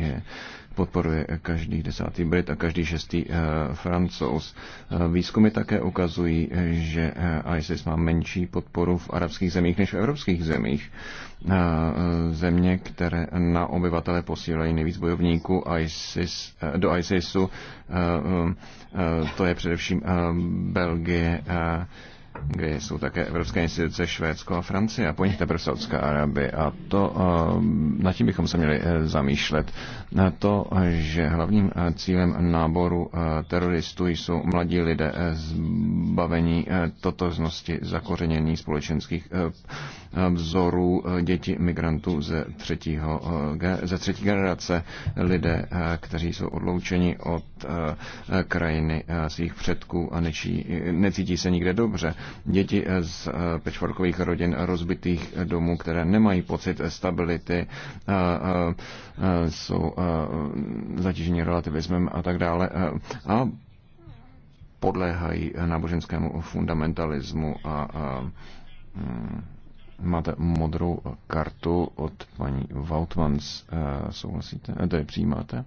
podporuje každý desátý Brit a každý šestý eh, Francouz. Eh, výzkumy také ukazují, že eh, ISIS má menší podporu v arabských zemích než v evropských zemích. Země, které na obyvatele posílají nejvíc bojovníků ISIS, do ISISu, to je především Belgie, kde jsou také evropské instituce Švédsko a Francie a po nich teprve Saudská Arábie. A to, eh, na tím bychom se měli eh, zamýšlet. To, že hlavním eh, cílem náboru teroristů jsou mladí lidé zbavení totožnosti zakořenění společenských vzorů děti migrantů ze, třetího, ze třetí generace, lidé, kteří jsou odloučeni od krajiny svých předků a nečí, necítí se nikde dobře. Děti z eh, pečvorkových rodin, rozbitých domů, které nemají pocit stability, eh, eh, jsou zatížení relativismem a tak dále. A podléhají náboženskému fundamentalismu a, a mm, máte modrou kartu od paní Vautmans. Souhlasíte? je přijímáte?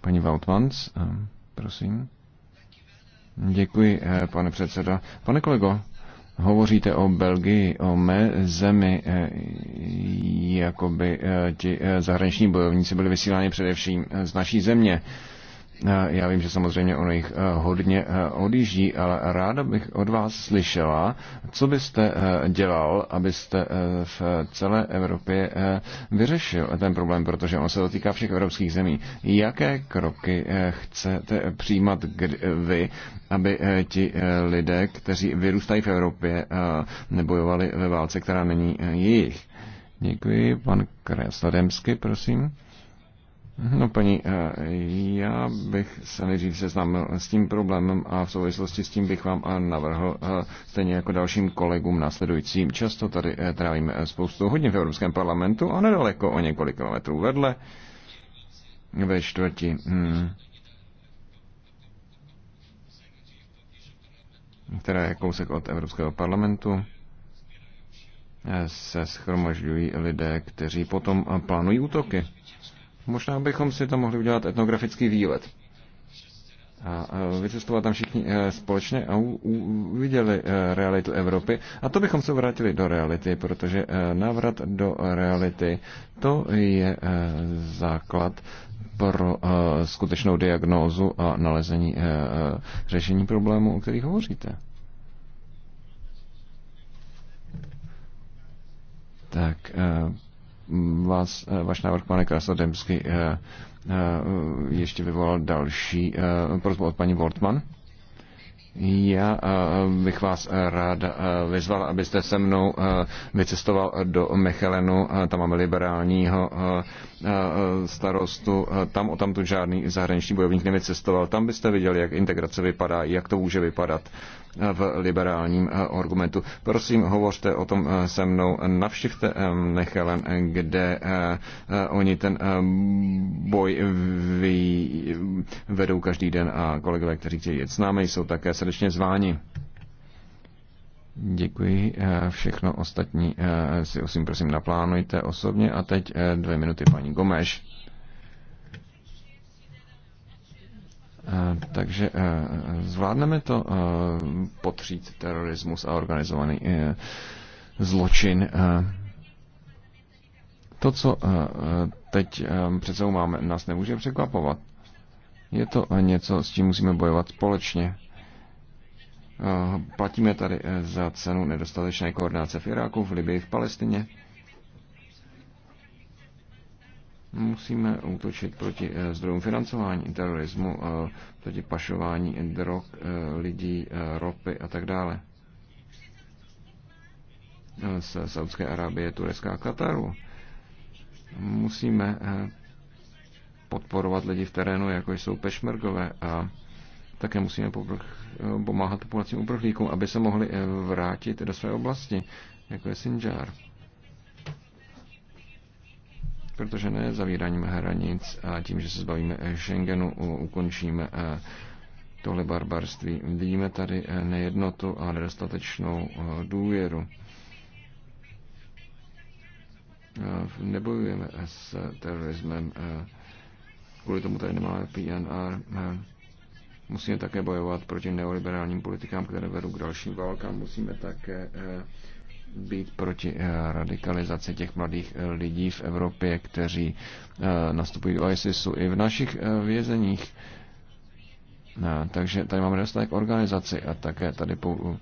Paní Vautmans, prosím. Děkuji, eh, pane předseda. Pane kolego, hovoříte o Belgii, o mé zemi, eh, jakoby eh, ti zahraniční bojovníci byli vysíláni především z naší země. Já vím, že samozřejmě ono jich eh, hodně eh, odjíždí, ale ráda bych od vás slyšela, co byste eh, dělal, abyste v celé Evropě vyřešil ten problém, protože on se dotýká všech evropských zemí. Jaké kroky chcete přijímat vy, aby ti lidé, kteří vyrůstají v Evropě, nebojovali ve válce, která není jejich? Děkuji, pan Krasnodemsky, prosím. No paní, eh, já bych se nejdřív seznámil s tím problémem a v souvislosti s tím bych vám eh, navrhl eh, stejně jako dalším kolegům následujícím. Často tady trávíme spoustu hodin v Evropském parlamentu a nedaleko o několik kilometrů vedle ve čtvrti. Hmm. která je kousek od Evropského parlamentu, se schromažďují lidé, kteří potom plánují útoky. Možná bychom si tam mohli udělat etnografický výlet. A vycestovat tam všichni e, společně a uviděli e, realitu Evropy. A to bychom se vrátili do reality, protože e, návrat do reality to je základ pro skutečnou diagnózu a nalezení řešení problému, o kterých hovoříte. Tak vás, eh, váš návrh, pane Krasodemsky, eh, eh, ještě vyvolal další prozbu od paní Wortmann. Já eh, bych vás eh, rád eh, vyzval, abyste se mnou vycestoval do Mechelenu, tam máme liberálního starostu, tam o tamtu žádný zahraniční bojovník nevycestoval. Tam byste viděli, jak integrace vypadá, jak to může vypadat v liberálním argumentu. Prosím, hovořte o tom se mnou, navštivte Mechelen, kde oni ten boj vedou každý den a kolegové, kteří chtějí jet s námi, jsou také srdečně zváni. Děkuji. Eh, všechno ostatní eh, si osím prosím naplánujte osobně. A teď eh, dvě minuty paní Gomeš. Takže zvládneme to potřít terorismus a organizovaný zločin. To, co teď sebou máme, nás nemůže překvapovat. Je to něco, s čím musíme bojovat společně. Eh, platíme tady eh, za cenu nedostatečné koordinace v Iráku, v Libii, v Palestině. Musíme útočit proti eh, zdrojům financování terorismu, proti pašování drog, lidí, ropy a tak dále. Z Saudské Arábie, Turecka a Kataru. Musíme podporovat lidi v terénu, jako jsou pešmergové a také musíme pomáhat populacím uprchlíkům, aby se mohli eh, vrátit do své oblasti, jako je Sinjar. Protože ne zavíráním hranic a tím, že se zbavíme eh, Schengenu, ukončíme eh, tohle barbarství. Vidíme tady nejednotu a nedostatečnou důvěru nebojujeme s terorismem. Kvůli tomu tady nemáme PNR. Musíme také bojovat proti neoliberálním politikám, které vedou k dalším válkám. Musíme také eh, být proti eh, radikalizaci těch mladých eh, lidí v Evropě, kteří nastupují do ISISu. I v našich vězeních Eh, takže tady máme dostatek organizaci a také tady eh,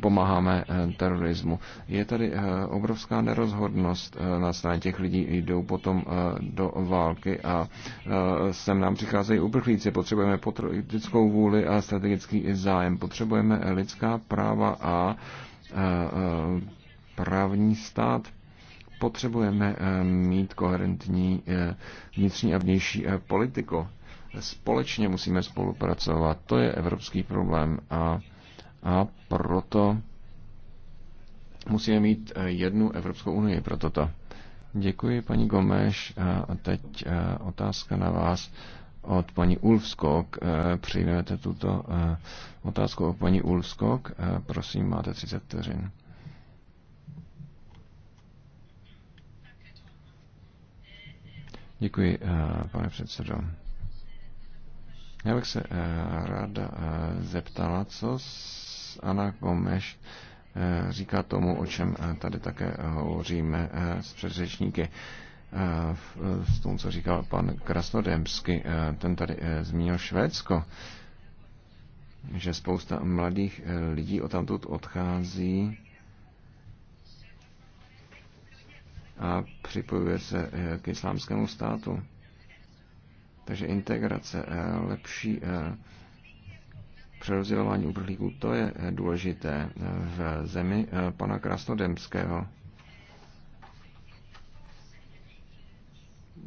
pomáháme eh, terorismu. Je tady obrovská nerozhodnost na straně těch lidí, jdou potom do války a sem nám přicházejí uprchlíci. Potřebujeme politickou vůli a strategický zájem, potřebujeme lidská práva a právní stát, potřebujeme mít koherentní vnitřní a vnější politiku. Společně musíme spolupracovat. To je evropský problém a, a proto musíme mít eh, jednu Evropskou unii pro toto. Děkuji, paní Gomeš. A teď eh, otázka na vás od paní Ulfskok. Eh, Přijmete tuto otázku od paní Ulfskok. Prosím, máte 30 vteřin. Děkuji, pane předsedo. Já bych se eh, ráda eh, zeptala, co Ana Gomeš eh, říká tomu, o čem tady také hovoříme s předřečníky. S tom, co říkal pan Krasnodemsky, ten tady zmínil Švédsko, že spousta mladých lidí odtamtud odchází a připojuje se k islámskému státu. Takže integrace, eh, lepší eh, přerozdělování uprchlíků, to je eh, důležité v zemi pana Krasnodemského.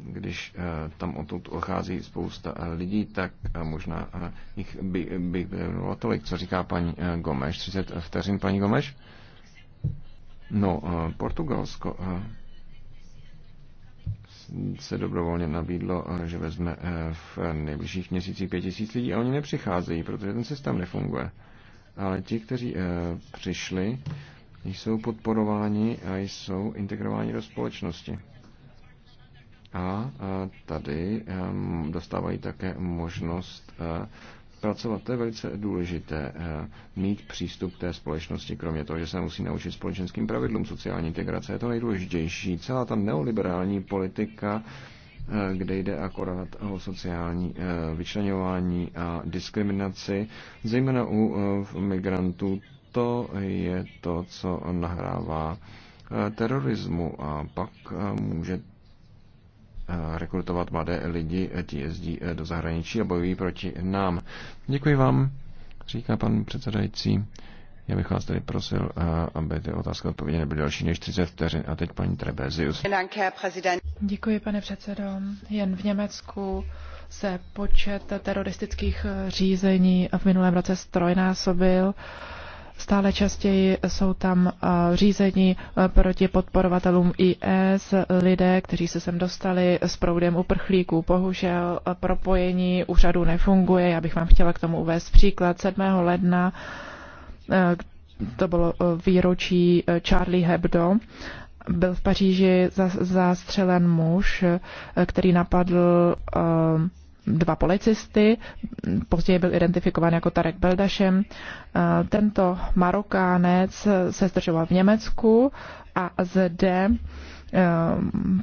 Když tam odtud ochází spousta lidí, tak možná jich by, by bylo tolik, co říká paní Gomeš. 30 vteřin, paní Gomeš? No, Portugalsko se dobrovolně nabídlo, eh, že vezme eh, v nejbližších měsících pět tisíc lidí a oni nepřicházejí, protože ten systém nefunguje. Ale ti, kteří eh, přišli, jsou podporováni a jsou integrováni do společnosti. A tady dostávají také možnost pracovat. To je velice důležité eh, mít přístup k té společnosti, kromě toho, že se musí naučit společenským pravidlům sociální integrace. Je to nejdůležitější. Celá ta neoliberální politika eh, kde jde akorát o sociální eh, vyčlenování a diskriminaci, zejména u migrantů. To je to, co nahrává terorismu a pak může Eh, rekrutovat mladé lidi, eh, ti jezdí eh, do zahraničí a bojují proti nám. Děkuji vám, říká pan předsedající. Já bych vás tedy prosil, aby ty otázky odpovědi nebyly další než 30 vteřin. A teď paní Trebezius. Děkuji, pane předsedo. Jen v Německu se počet teroristických řízení v minulém roce strojnásobil. Stále častěji jsou tam eh, řízení eh, proti podporovatelům IS, lidé, kteří se sem dostali s proudem uprchlíků. Bohužel eh, propojení úřadu nefunguje. Já bych vám chtěla k tomu uvést příklad 7. ledna, to bylo výročí Charlie Hebdo, byl v Paříži zastřelen muž, který napadl dva policisty, později byl identifikován jako Tarek Beldašem. Eh, tento Marokánec se zdržoval v Německu a zde eh,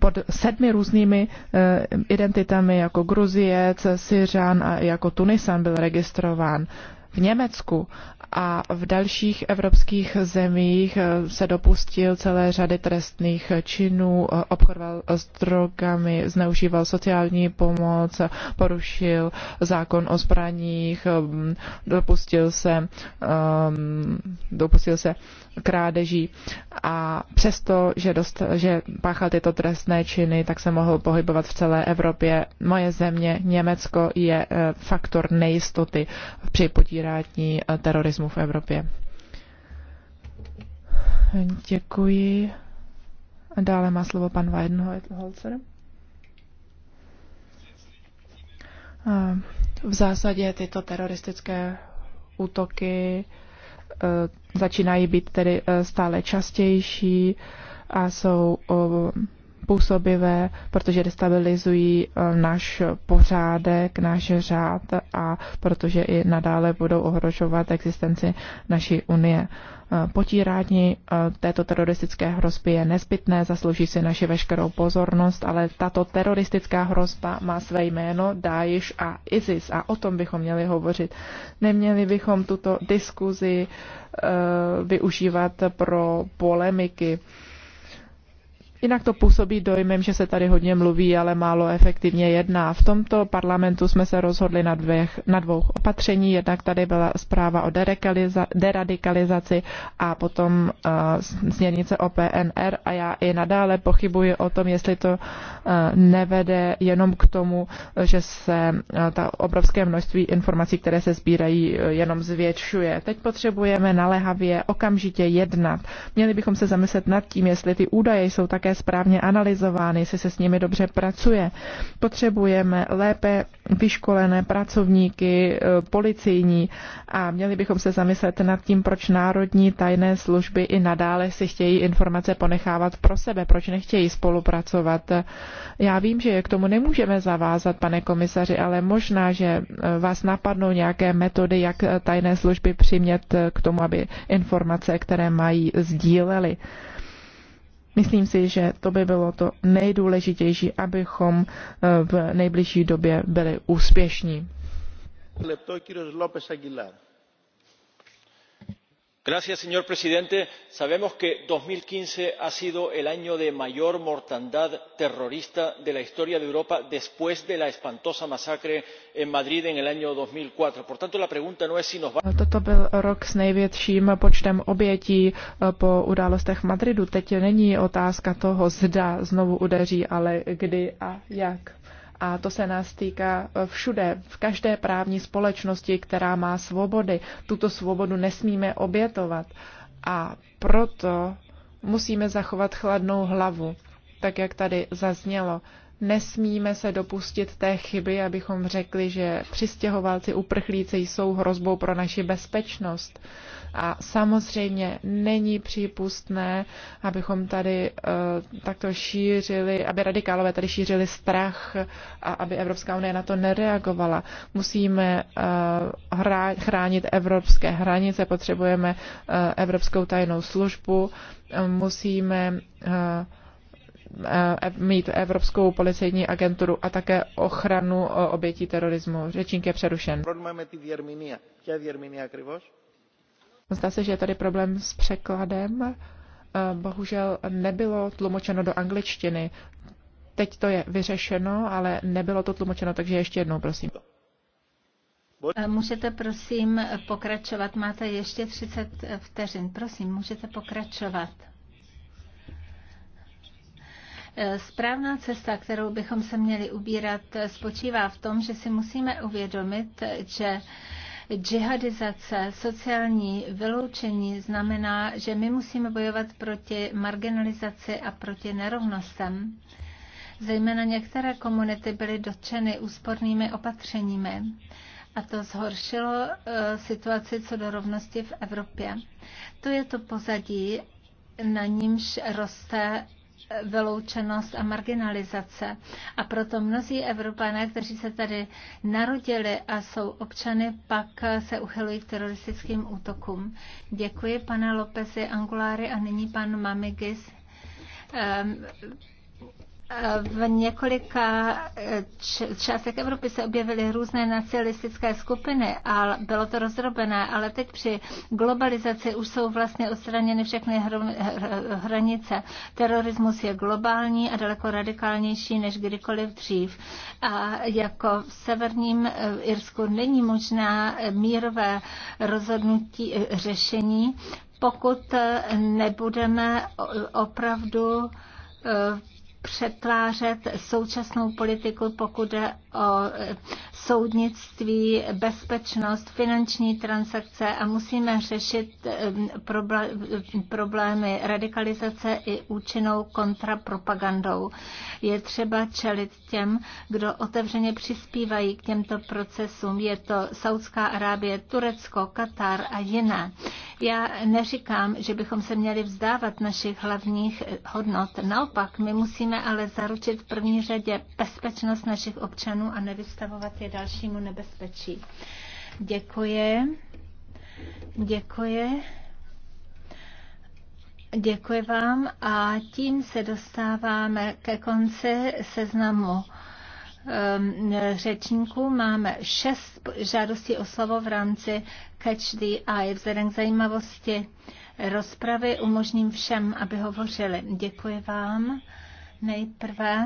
pod sedmi různými eh, identitami jako Gruziec, Syřan a jako Tunisan byl registrován v Německu a v dalších evropských zemích eh, se dopustil celé řady trestných činů, eh, obchodoval s drogami, zneužíval sociální pomoc, porušil zákon o zbraních, eh, dopustil se, ehm, dopustil se krádeží a přesto, že, dost, že páchal tyto trestné činy, tak se mohl pohybovat v celé Evropě. Moje země, Německo, je eh, faktor nejistoty při potírání eh, terorismu v Evropě. Děkuji. Dále má slovo pan Weidenholzer. Eh, v zásadě tyto teroristické útoky Eh, začínají být tedy eh, stále častější a jsou eh, působivé, protože destabilizují eh, náš pořádek, náš řád a protože i nadále budou ohrožovat existenci naší unie. Eh, potírání eh, této teroristické hrozby je nezbytné, zaslouží si naši veškerou pozornost, ale tato teroristická hrozba má své jméno Daesh a ISIS a o tom bychom měli hovořit. Neměli bychom tuto diskuzi využívat pro polemiky. Jinak to působí dojmem, že se tady hodně mluví, ale málo efektivně jedná. V tomto parlamentu jsme se rozhodli na, dvěch, na dvou opatření. Jednak tady byla zpráva o deradikalizaci a potom uh, směrnice o PNR a já i nadále pochybuji o tom, jestli to uh, nevede jenom k tomu, že se uh, ta obrovské množství informací, které se sbírají, uh, jenom zvětšuje. Teď potřebujeme naléhavě okamžitě jednat. Měli bychom se zamyslet nad tím, jestli ty údaje jsou také také správně analyzovány, jestli se s nimi dobře pracuje. Potřebujeme lépe vyškolené pracovníky, e, policijní a měli bychom se zamyslet nad tím, proč národní tajné služby i nadále si chtějí informace ponechávat pro sebe, proč nechtějí spolupracovat. Já vím, že je k tomu nemůžeme zavázat, pane komisaři, ale možná, že e, vás napadnou nějaké metody, jak tajné služby přimět e, k tomu, aby informace, které mají, sdíleli. Myslím si, že to by bylo to nejdůležitější, abychom eh, v nejbližší době byli úspěšní señor presidente sabemos que dos mil quince ha sido el año de mayor mortandad terrorista de la historia de europa después de la espantosa masacre en madrid en el año. dos mil cuatro por tanto la pregunta no es si nos va. toto byl rok s největším počtem obětí eh, po událostech v madridu. teď není otázka toho zda znovu udeří ale kdy a jak a to se nás týká eh, všude, v každé právní společnosti, která má svobody. Tuto svobodu nesmíme obětovat a proto musíme zachovat chladnou hlavu, tak jak tady zaznělo. Nesmíme se dopustit té chyby, abychom řekli, že přistěhovalci, uprchlíci jsou hrozbou pro naši bezpečnost. A samozřejmě není přípustné, abychom tady uh, takto šířili, aby radikálové tady šířili strach a aby Evropská unie na to nereagovala. Musíme uh, hrá, chránit evropské hranice, potřebujeme uh, evropskou tajnou službu, uh, musíme. Uh, Eh, mít Evropskou policejní agenturu a také ochranu eh, obětí terorismu. Řečník je přerušen. No, zdá se, že je tady problém s překladem. Eh, bohužel nebylo tlumočeno do angličtiny. Teď to je vyřešeno, ale nebylo to tlumočeno, takže ještě jednou, prosím. Můžete prosím pokračovat, máte ještě 30 vteřin, prosím, můžete pokračovat. Správná cesta, kterou bychom se měli ubírat, spočívá v tom, že si musíme uvědomit, že džihadizace, sociální vyloučení znamená, že my musíme bojovat proti marginalizaci a proti nerovnostem. Zejména některé komunity byly dotčeny úspornými opatřeními a to zhoršilo eh, situaci co do rovnosti v Evropě. To je to pozadí, na nímž roste vyloučenost a marginalizace. A proto mnozí Evropané, kteří se tady narodili a jsou občany, pak se uchylují k teroristickým útokům. Děkuji, pane Lopezi Angulári, a nyní pan Mamigis. Um, v několika částech Evropy se objevily různé nacionalistické skupiny a bylo to rozrobené, ale teď při globalizaci už jsou vlastně odstraněny všechny hranice. Terorismus je globální a daleko radikálnější než kdykoliv dřív. A jako v severním eh, Irsku není možná mírové rozhodnutí eh, řešení, pokud eh, nebudeme opravdu přetvářet současnou politiku, pokud jde o e, soudnictví, bezpečnost, finanční transakce a musíme řešit e, problémy radikalizace i účinnou kontrapropagandou. Je třeba čelit těm, kdo otevřeně přispívají k těmto procesům. Je to Saudská Arábie, Turecko, Katar a jiné. Já neříkám, že bychom se měli vzdávat našich hlavních hodnot. Naopak, my musíme ale zaručit v první řadě bezpečnost našich občanů občanů a nevystavovat je dalšímu nebezpečí. Děkuji. Děkuji. Děkuji vám a tím se dostáváme ke konci seznamu um, řečníků. Máme šest žádostí o slovo v rámci Catch the Eye. Vzhledem k zajímavosti rozpravy umožním všem, aby hovořili. Děkuji vám. Nejprve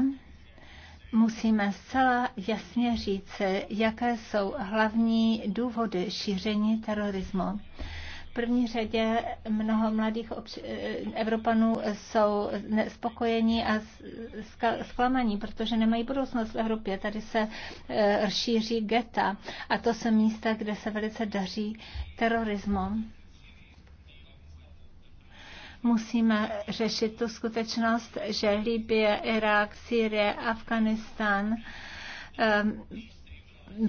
musíme zcela jasně říci, jaké jsou hlavní důvody šíření terorismu. V první řadě mnoho mladých obč- eh, Evropanů jsou nespokojení a zklamaní, protože nemají budoucnost v Evropě. Tady se eh, šíří geta a to jsou místa, kde se velice daří terorismu musíme řešit tu skutečnost, že Libie, Irák, Sýrie, Afganistán um,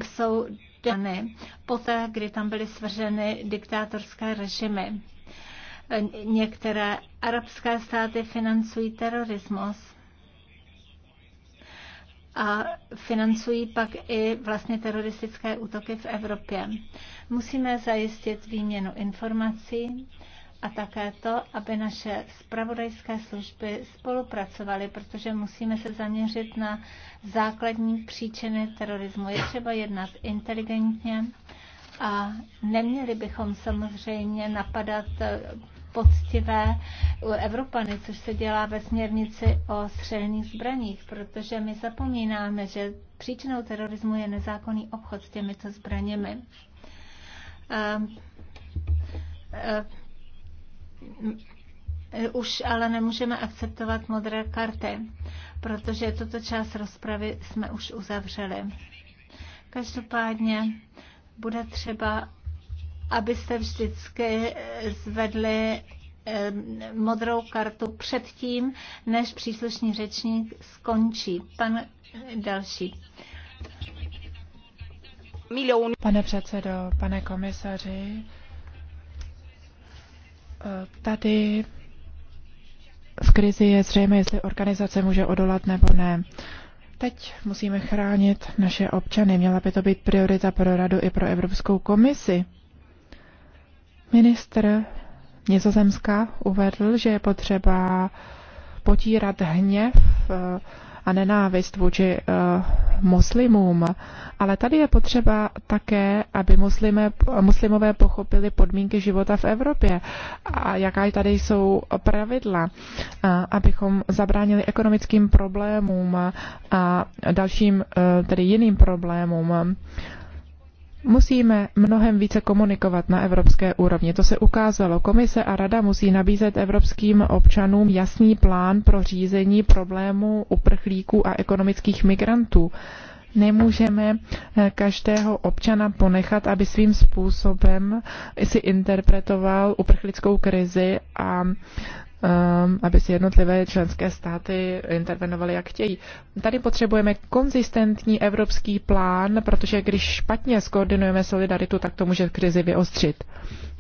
jsou dany poté, kdy tam byly svrženy diktátorské režimy. Některé arabské státy financují terorismus a financují pak i vlastně teroristické útoky v Evropě. Musíme zajistit výměnu informací, a také to, aby naše spravodajské služby spolupracovaly, protože musíme se zaměřit na základní příčiny terorismu. Je třeba jednat inteligentně a neměli bychom samozřejmě napadat poctivé Evropany, což se dělá ve směrnici o střelných zbraních, protože my zapomínáme, že příčinou terorismu je nezákonný obchod s těmito zbraněmi. Uh, uh, už ale nemůžeme akceptovat modré karty, protože tuto část rozpravy jsme už uzavřeli. Každopádně bude třeba, abyste vždycky eh, zvedli eh, modrou kartu předtím, než příslušný řečník skončí. Pan eh, další. Pane předsedo, pane komisaři, Tady v krizi je zřejmé, jestli organizace může odolat nebo ne. Teď musíme chránit naše občany. Měla by to být priorita pro Radu i pro Evropskou komisi. Ministr Nizozemska uvedl, že je potřeba potírat hněv eh, a nenávist vůči eh, muslimům. Ale tady je potřeba také, aby muslime, muslimové pochopili podmínky života v Evropě a jaká tady jsou pravidla, eh, abychom zabránili ekonomickým problémům a dalším, eh, tedy jiným problémům. Musíme mnohem více komunikovat na evropské úrovni. To se ukázalo. Komise a rada musí nabízet evropským občanům jasný plán pro řízení problému uprchlíků a ekonomických migrantů. Nemůžeme eh, každého občana ponechat, aby svým způsobem si interpretoval uprchlickou krizi a Ehm, aby si jednotlivé členské státy intervenovaly, jak chtějí. Tady potřebujeme konzistentní evropský plán, protože když špatně skoordinujeme solidaritu, tak to může krizi vyostřit.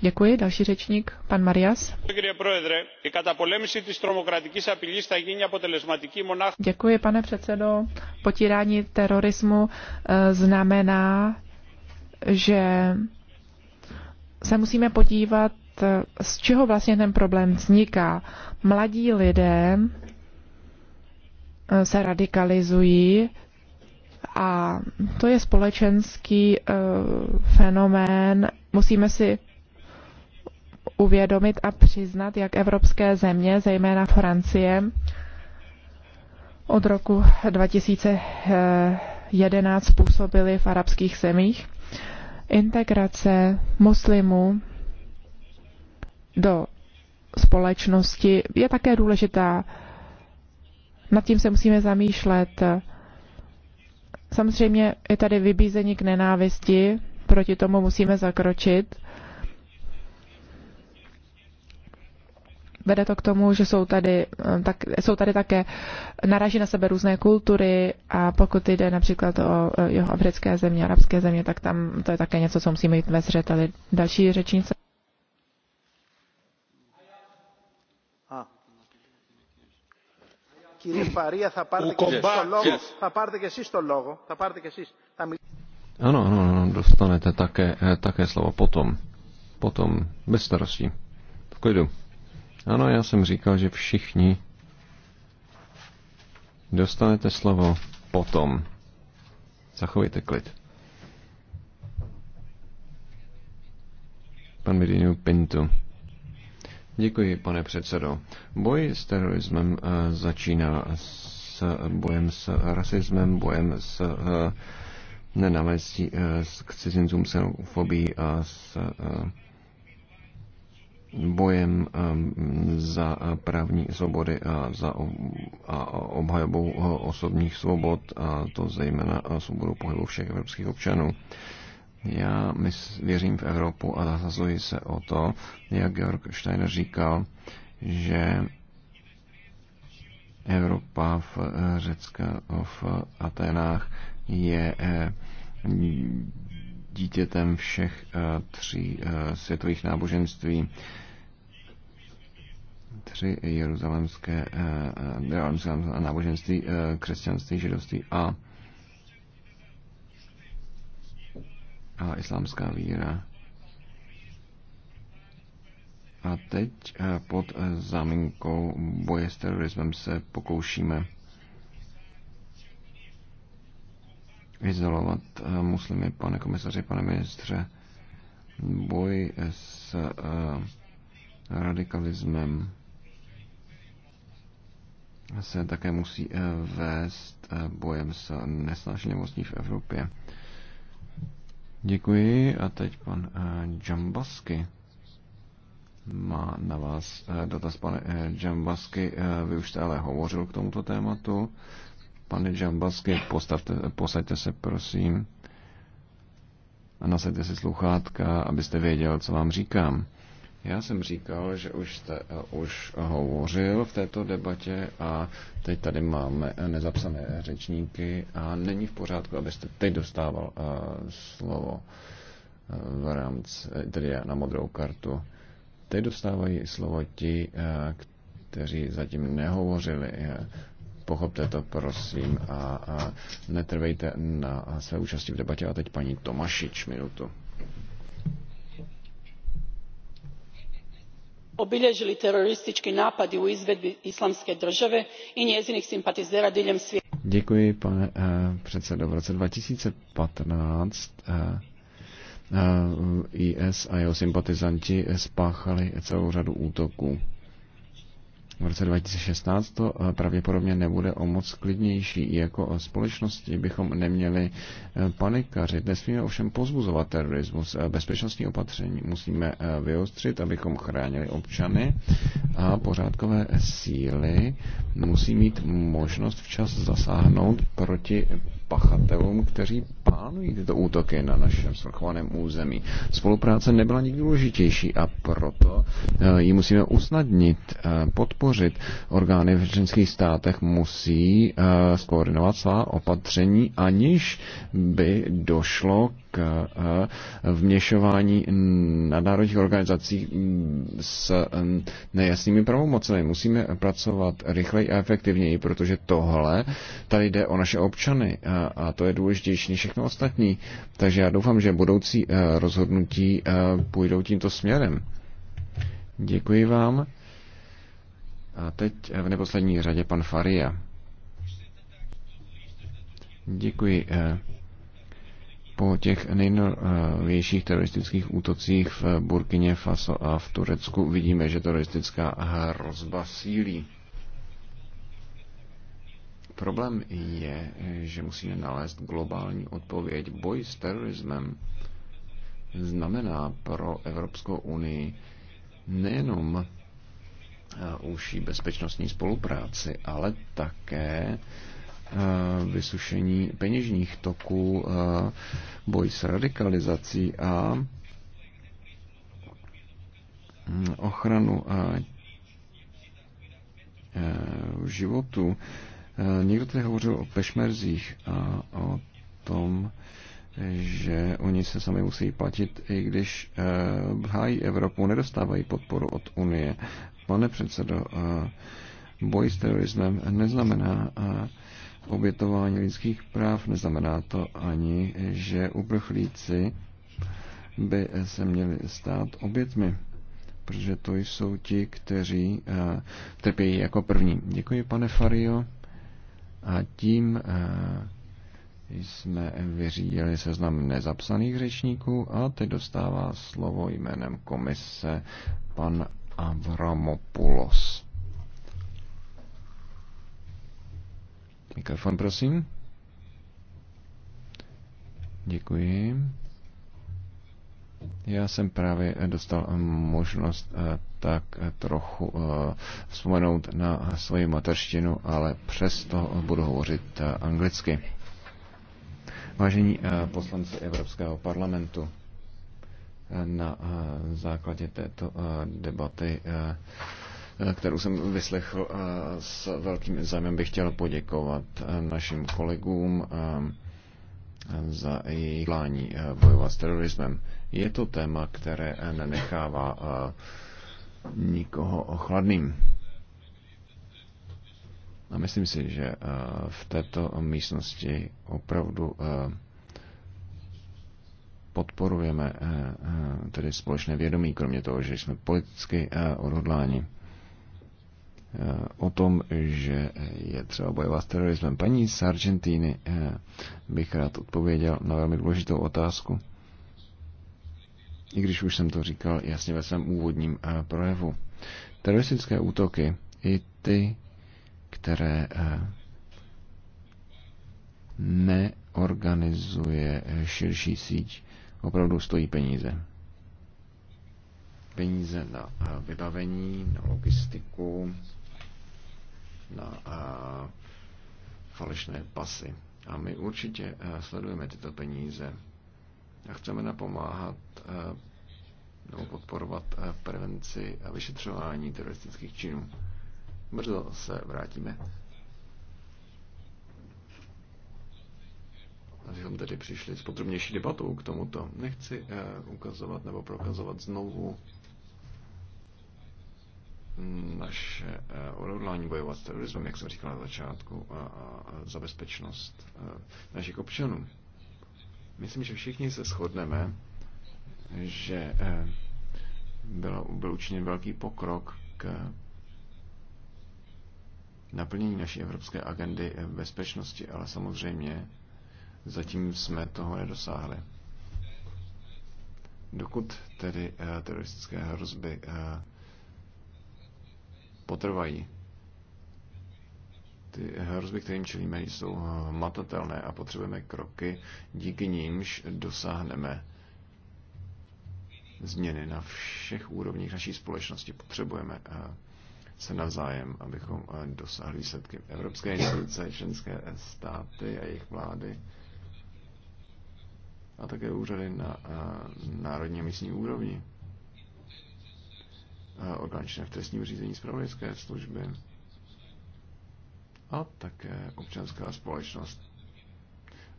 Děkuji. Další řečník, pan Marias. Děkuji, pane předsedo. Potírání terorismu eh, znamená, že se musíme podívat z čeho vlastně ten problém vzniká. Mladí lidé se radikalizují a to je společenský uh, fenomén. Musíme si uvědomit a přiznat, jak evropské země, zejména Francie, od roku 2011 působily v arabských zemích. Integrace muslimů do společnosti je také důležitá. Nad tím se musíme zamýšlet. Samozřejmě je tady vybízení k nenávisti, proti tomu musíme zakročit. Vede to k tomu, že jsou tady, eh, tak, jsou tady také naraží na sebe různé kultury a pokud jde například o eh, jeho africké země, arabské země, tak tam to je také něco, co musíme jít ve zřeteli. Další řečnice. Mm. Ano, ano, ano, dostanete také, eh, také slovo potom. Potom, bez starostí. V klidu. Ano, já jsem říkal, že všichni dostanete slovo potom. Zachovejte klid. Pan Mirinu Pintu. Děkuji, pane předsedo. Boj s terorismem eh, začíná s bojem s rasismem, bojem s eh, nenávistí eh, k cizincům, xenofobii a s bojem za právní svobody a za a obhajobou osobních svobod, a to zejména svobodu pohybu všech evropských občanů. Já věřím v Evropu a zasazuji se o to, jak Georg Steiner říkal, že Evropa v eh, Řecku v Atenách je eh, dítětem všech eh, tří světových náboženství. Tři jeruzalemské náboženství, křesťanství, židovství a a islámská víra. A teď eh, pod eh, záminkou boje s terorismem se pokoušíme izolovat eh, muslimy, pane komisaři, pane ministře. Boj s radikalismem se také musí vést bojem s nesnášenlivostí v Evropě. Děkuji a teď pan Jambasky eh, má na vás eh, dotaz, pane uh, Vy už jste ale hovořil k tomuto tématu. Pane Jambasky, postavte, posaďte se, prosím. A nasaďte si sluchátka, abyste věděl, co vám říkám. Já jsem říkal, že už jste uh, už hovořil v této debatě a teď tady máme eh, nezapsané řečníky a není v pořádku, abyste teď dostával uh, slovo uh, v rámci, tedy na modrou kartu. Teď dostávají slovo ti, uh, kteří zatím nehovořili. Uh, pochopte to, prosím, a, a netrvejte na své účasti v debatě. A teď paní Tomašič, minutu. obiljeili teroristiki napadi u izvedbi islamske drave i njezinih simpatizera diljem svijeta. Děkuji, pane eh, předsedo. V roce 2015 eh, eh, IS a jeho sympatizanti spáchali celou řadu útoků v roce 2016 to eh, pravděpodobně nebude o moc klidnější. i Jako o společnosti bychom neměli eh, panikařit. Nesmíme ovšem pozbuzovat terorismus. Eh, bezpečnostní opatření musíme vyostřit, abychom chránili občany a pořádkové síly musí mít možnost včas zasáhnout proti pachatelům, kteří plánují tyto útoky na našem svrchovaném území. Spolupráce nebyla nikdy důležitější a proto eh, ji musíme usnadnit, eh, podpořit. Orgány v členských státech musí eh, skoordinovat svá opatření, aniž by došlo k eh, vměšování nadnárodních organizací s eh, nejasnými pravomocemi. Musíme pracovat rychleji a efektivněji, protože tohle tady jde o naše občany eh, a to je důležitější než všechno ostatní. Takže já doufám, že budoucí rozhodnutí půjdou tímto směrem. Děkuji vám. A teď v neposlední řadě pan Faria. Děkuji po těch nejnovějších teroristických útocích v Burkině Faso a v Turecku vidíme, že teroristická hrozba sílí. Problém je, že musíme nalézt globální odpověď. Boj s terorismem znamená pro Evropskou unii nejenom eh, užší bezpečnostní spolupráci, ale také Eh, vysušení peněžních toků, eh, boj s radikalizací a mm, ochranu a eh, životu. Někdo tady hovořil o pešmerzích a o tom, že oni se sami musí platit, i když hájí Evropu, nedostávají podporu od Unie. Pane předsedo, boj s terorismem neznamená obětování lidských práv, neznamená to ani, že uprchlíci by se měli stát obětmi, protože to jsou ti, kteří eh, trpějí jako první. Děkuji, pane Fario. A tím eh, jsme vyřídili seznam nezapsaných řečníků a teď dostává slovo jménem komise pan Avramopoulos. Mikrofon, prosím. Děkuji. Já jsem právě dostal možnost eh, tak eh, trochu eh, vzpomenout na svoji materštinu, ale přesto budu hovořit anglicky. Vážení poslanci Evropského parlamentu, na základě této debaty kterou jsem vyslechl s velkým zájmem, bych chtěl poděkovat eh, našim kolegům eh, za jejich plání eh, bojovat s terorismem. Je to téma, které nenechává nikoho ochladným. A myslím si, že v této místnosti opravdu podporujeme tedy společné vědomí, kromě toho, že jsme politicky odhodláni o tom, že je třeba bojovat s terorismem. Paní z Argentíny eh, bych rád odpověděl na velmi důležitou otázku, i když už jsem to říkal jasně ve svém úvodním eh, projevu. Teroristické útoky, i ty, které eh, neorganizuje širší síť, opravdu stojí peníze. Peníze na vybavení, na logistiku, na falešné pasy. A my určitě sledujeme tyto peníze a chceme napomáhat nebo podporovat prevenci a vyšetřování teroristických činů. Brzo se vrátíme. Abychom tedy přišli s podrobnější debatou k tomuto. Nechci ukazovat nebo prokazovat znovu naše eh, odhodlání bojovat s terorismem, jak jsem říkal na začátku, a, a za bezpečnost eh, našich občanů. Myslím, že všichni se shodneme, že eh, bylo, byl učiněn velký pokrok k naplnění naší evropské agendy bezpečnosti, ale samozřejmě zatím jsme toho nedosáhli. Dokud tedy teroristické hrozby potrvají. Ty hrozby, kterým čelíme, jsou matatelné a potřebujeme kroky, díky nímž dosáhneme změny na všech úrovních naší společnosti. Potřebujeme eh, se navzájem, abychom eh, dosáhli výsledky. Evropské instituce, členské státy a jejich vlády a také úřady na eh, národní a místní úrovni orgán v trestním řízení zpravodajské služby a také občanská společnost.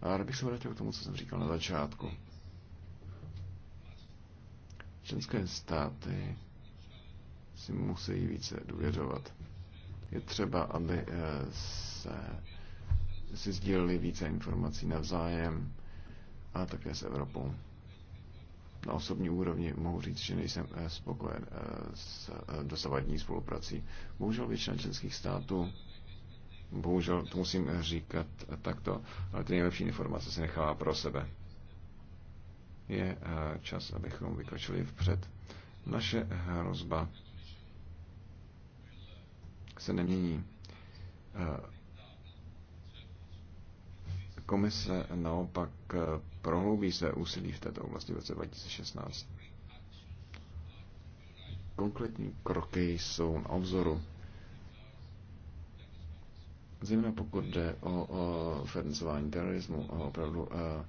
A rád bych se vrátil k tomu, co jsem říkal na začátku. Členské státy si musí více důvěřovat. Je třeba, aby eh, se si sdíleli více informací navzájem a také s Evropou na osobní úrovni mohu říct, že nejsem eh, spokojen eh, s eh, dosavadní spoluprací. Bohužel většina členských států, bohužel to musím říkat takto, ale ty nejlepší informace se nechává pro sebe. Je čas, abychom vykročili vpřed. Naše hrozba se nemění komise naopak eh, prohloubí své úsilí v této oblasti v roce 2016. Konkrétní kroky jsou na obzoru. Zejména pokud jde o, o financování terorismu, o opravdu a, eh,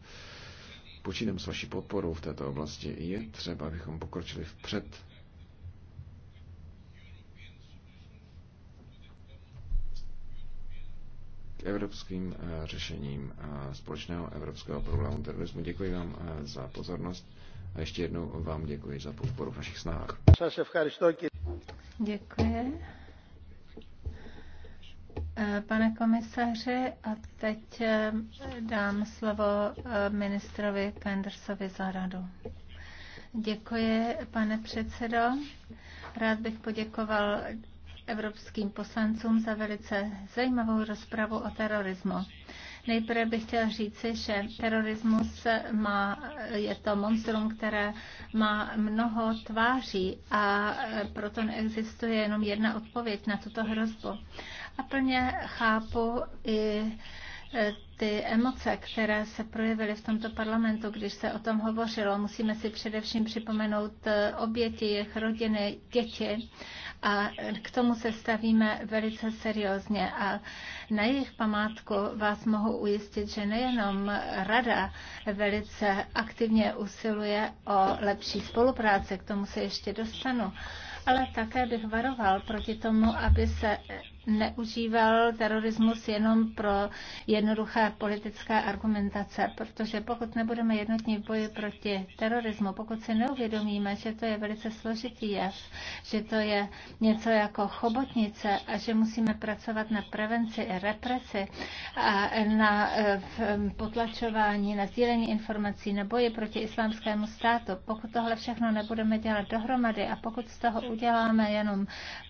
počítám s vaší podporou v této oblasti, je třeba, abychom pokročili vpřed evropským eh, řešením eh, společného evropského problému terorismu. Děkuji vám eh, za pozornost a ještě jednou vám děkuji za podporu v našich snahách. Děkuji. Pane komisaři, a teď dám slovo ministrovi Kendersovi za radu. Děkuji, pane předsedo. Rád bych poděkoval evropským poslancům za velice zajímavou rozpravu o terorismu. Nejprve bych chtěla říci, že terorismus má, je to monstrum, které má mnoho tváří a proto neexistuje jenom jedna odpověď na tuto hrozbu. A plně chápu i e, ty emoce, které se projevily v tomto parlamentu, když se o tom hovořilo. Musíme si především připomenout e, oběti, jejich rodiny, děti a k tomu se stavíme velice seriózně. A na jejich památku vás mohu ujistit, že nejenom Rada velice aktivně usiluje o lepší spolupráci, k tomu se ještě dostanu, ale také bych varoval proti tomu, aby se neužíval terorismus jenom pro jednoduché politické argumentace, protože pokud nebudeme jednotní v boji proti terorismu, pokud si neuvědomíme, že to je velice složitý jev, že to je něco jako chobotnice a že musíme pracovat na prevenci i represi a na eh, potlačování, na sdílení informací, na boji proti islámskému státu, pokud tohle všechno nebudeme dělat dohromady a pokud z toho uděláme jenom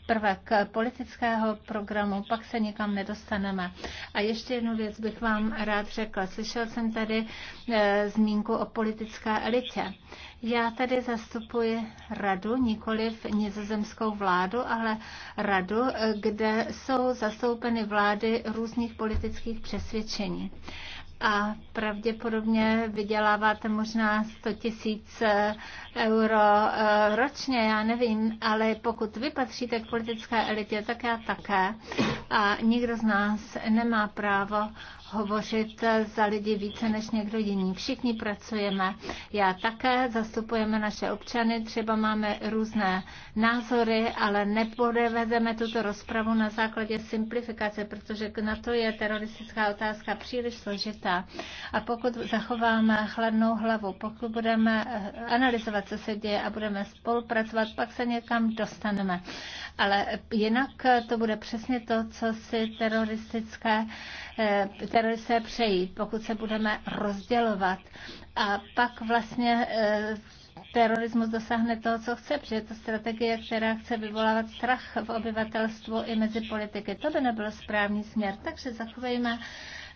prvek politického programu, programu, pak se nikam nedostaneme. A ještě jednu věc bych vám rád řekla. Slyšel jsem tady e, zmínku o politické elitě. Já tady zastupuji radu, nikoli v nizozemskou vládu, ale radu, eh, kde jsou zastoupeny vlády různých politických přesvědčení. E, a pravděpodobně vyděláváte možná 100 tisíc eh, euro eh, ročně, já nevím, ale pokud vy patříte k politické elitě, tak já také. A nikdo z nás nemá právo hovořit za lidi více než někdo jiný. Všichni pracujeme, já také, zastupujeme naše občany, třeba máme různé názory, ale nepodevedeme tuto rozpravu na základě simplifikace, protože na to je teroristická otázka příliš složitá. A pokud zachováme chladnou hlavu, pokud budeme eh, analyzovat, co se děje a budeme spolupracovat, pak se někam dostaneme. Ale jinak to bude přesně to, co si teroristické Eh, teroristé přejí, pokud se budeme rozdělovat. A pak vlastně eh, terorismus dosáhne toho, co chce, protože je to strategie, která chce vyvolávat strach v obyvatelstvu i mezi politiky. To by nebyl správný směr, takže zachovejme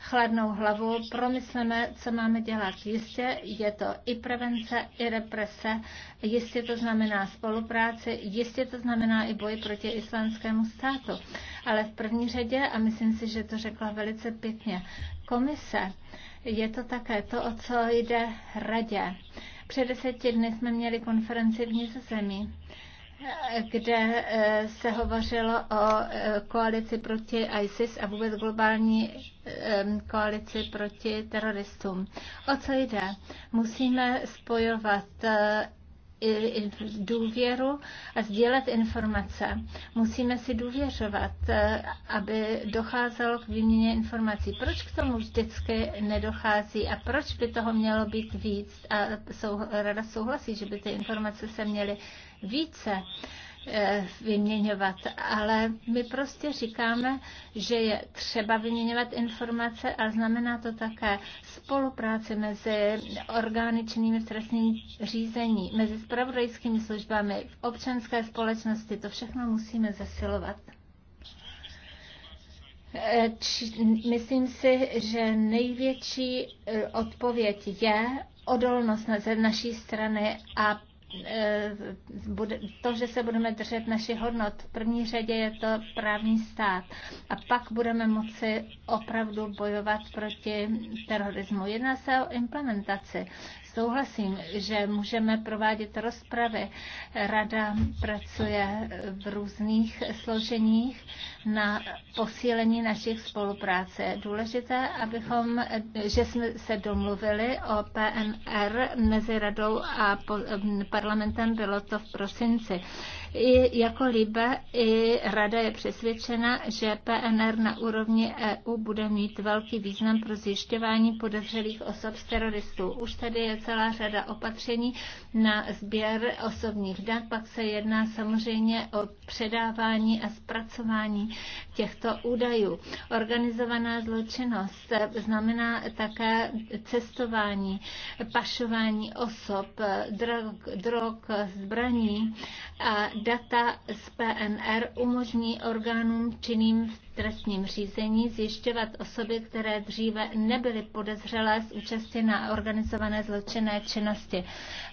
chladnou hlavu, promysleme, co máme dělat. Jistě je to i prevence, i represe, jistě to znamená spolupráci, jistě to znamená i boj proti islámskému státu. Ale v první řadě, a myslím si, že to řekla velice pěkně, komise, je to také to, o co jde radě. Před deseti dny jsme měli konferenci v Nizozemí kde eh, se hovořilo o eh, koalici proti ISIS a vůbec globální eh, koalici proti teroristům. O co jde? Musíme spojovat důvěru a sdílet informace. Musíme si důvěřovat, e, aby docházelo k výměně informací. Proč k tomu vždycky nedochází a proč by toho mělo být víc? A sou, rada souhlasí, že by ty informace se měly více. Uh, Eh, vyměňovat, ale my prostě říkáme, že je třeba vyměňovat informace a znamená to také spolupráci mezi orgány činnými v trestním řízení, mezi spravodajskými službami, v občanské společnosti, to všechno musíme zesilovat. Eh, myslím si, že největší eh, odpověď je odolnost na naší strany a Eh, to, že se budeme držet našich hodnot. V první řadě je to právní stát. A pak budeme moci opravdu bojovat proti terorismu. Jedná se o implementaci souhlasím, že můžeme provádět rozpravy. Rada pracuje v různých složeních na posílení našich spolupráce. Důležité, abychom, že jsme se domluvili o PNR mezi radou a parlamentem, bylo to v prosinci. I jako Libe i Rada je přesvědčena, že PNR na úrovni EU bude mít velký význam pro zjišťování podezřelých osob z teroristů. Už tady je celá řada opatření na sběr osobních dat, pak se jedná samozřejmě o předávání a zpracování těchto údajů. Organizovaná zločinnost znamená také cestování, pašování osob, drog, drog zbraní a data z PNR umožní orgánům činným v trestním řízení zjišťovat osoby, které dříve nebyly podezřelé z účasti na organizované zločinné činnosti.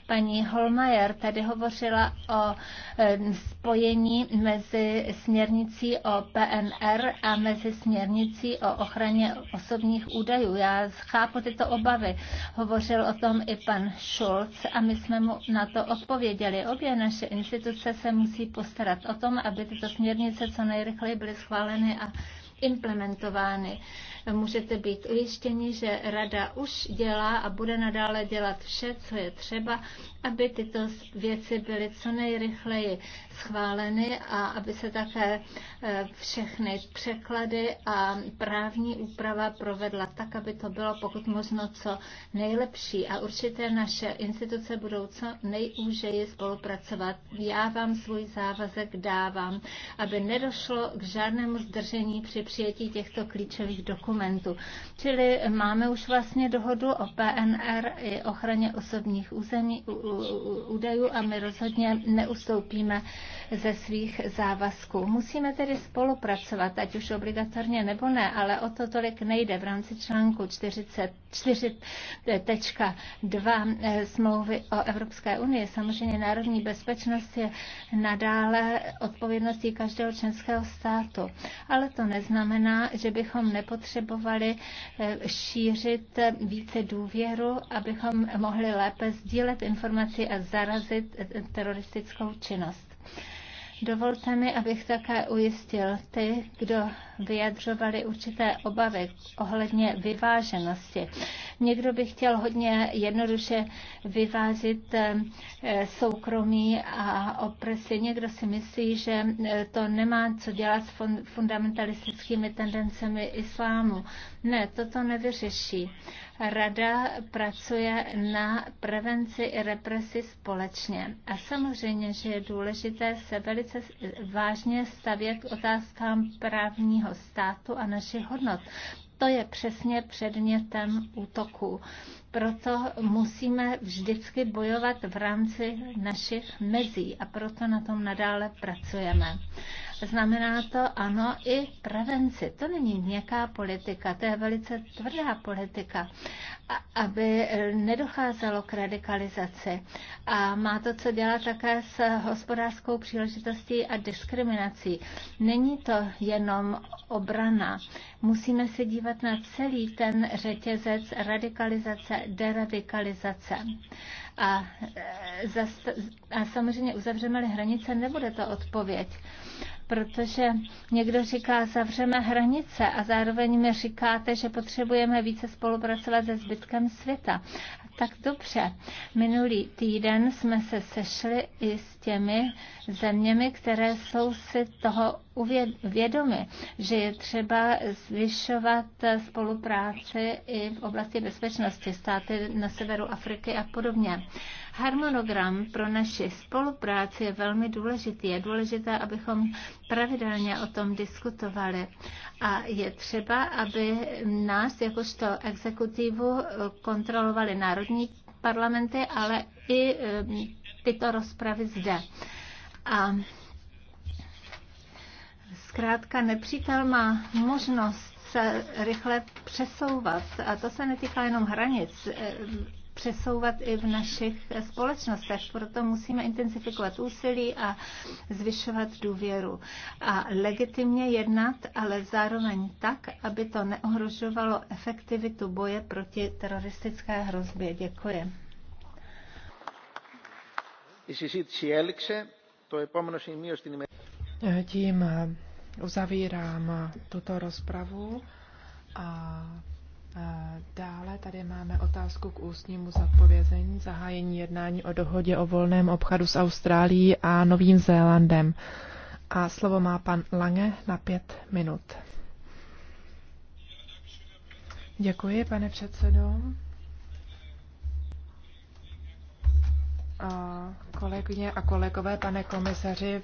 Paní Holmajer tady hovořila o e, spojení mezi směrnicí o PNR a mezi směrnicí o ochraně osobních údajů. Já chápu tyto obavy. Hovořil o tom i pan Schulz a my jsme mu na to odpověděli. Obě naše instituce se musí postarat o tom, aby tyto směrnice co nejrychleji byly schváleny a implementovány. Můžete být ujištěni, že Rada už dělá a bude nadále dělat vše, co je třeba, aby tyto věci byly co nejrychleji schváleny a aby se také eh, všechny překlady a právní úprava provedla tak, aby to bylo pokud možno co nejlepší. A určitě naše instituce budou co nejúžeji spolupracovat. Já vám svůj závazek dávám, aby nedošlo k žádnému zdržení při přijetí těchto klíčových dokumentů dokumentu. Čili máme už vlastně dohodu o PNR i ochraně osobních území, údajů a my rozhodně neustoupíme ze svých závazků. Musíme tedy spolupracovat, ať už obligatorně nebo ne, ale o to tolik nejde v rámci článku 44.2 eh, smlouvy o Evropské unii. Samozřejmě národní bezpečnost je nadále odpovědností každého členského státu, ale to neznamená, že bychom nepotřebovali potřebovali eh, šířit více důvěru, abychom mohli lépe sdílet informaci a zarazit eh, eh, teroristickou činnost. Dovolte mi, abych také ujistil ty, kdo vyjadřovali určité obavy ohledně vyváženosti Někdo by chtěl hodně jednoduše vyvážit eh, soukromí a opresy. Někdo si myslí, že eh, to nemá co dělat s fundamentalistickými tendencemi islámu. Ne, toto nevyřeší. Rada pracuje na prevenci i represi společně. A samozřejmě, že je důležité se velice vážně stavět k otázkám právního státu a našich hodnot to je přesně předmětem útoku. Proto musíme vždycky bojovat v rámci našich mezí a proto na tom nadále pracujeme. Znamená to ano i prevenci. To není nějaká politika, to je velice tvrdá politika, aby nedocházelo k radikalizaci. A má to co dělat také s hospodářskou příležitostí a diskriminací. Není to jenom obrana. Musíme se dívat na celý ten řetězec radikalizace deradikalizace. A, e, a samozřejmě uzavřeme-li hranice, nebude to odpověď protože někdo říká, zavřeme hranice a zároveň mi říkáte, že potřebujeme více spolupracovat se zbytkem světa. Tak dobře, minulý týden jsme se sešli i s těmi zeměmi, které jsou si toho vědomi, že je třeba zvyšovat spolupráci i v oblasti bezpečnosti státy na severu Afriky a podobně. Harmonogram pro naši spolupráci je velmi důležitý. Je důležité, abychom pravidelně o tom diskutovali. A je třeba, aby nás jakožto exekutivu kontrolovali národní parlamenty, ale i eh, tyto rozpravy zde. A Zkrátka nepřítel má možnost se rychle přesouvat, a to se netýká jenom hranic, eh, přesouvat i v našich společnostech. Proto musíme intenzifikovat úsilí a zvyšovat důvěru. A legitimně jednat, ale zároveň tak, aby to neohrožovalo efektivitu boje proti teroristické hrozbě. Děkuji. Tím eh, uzavírám tuto rozpravu a Dále tady máme otázku k ústnímu zodpovězení zahájení jednání o dohodě o volném obchodu s Austrálií a Novým Zélandem. A slovo má pan Lange na pět minut. Děkuji, pane předsedo. A kolegyně a kolegové, pane komisaři,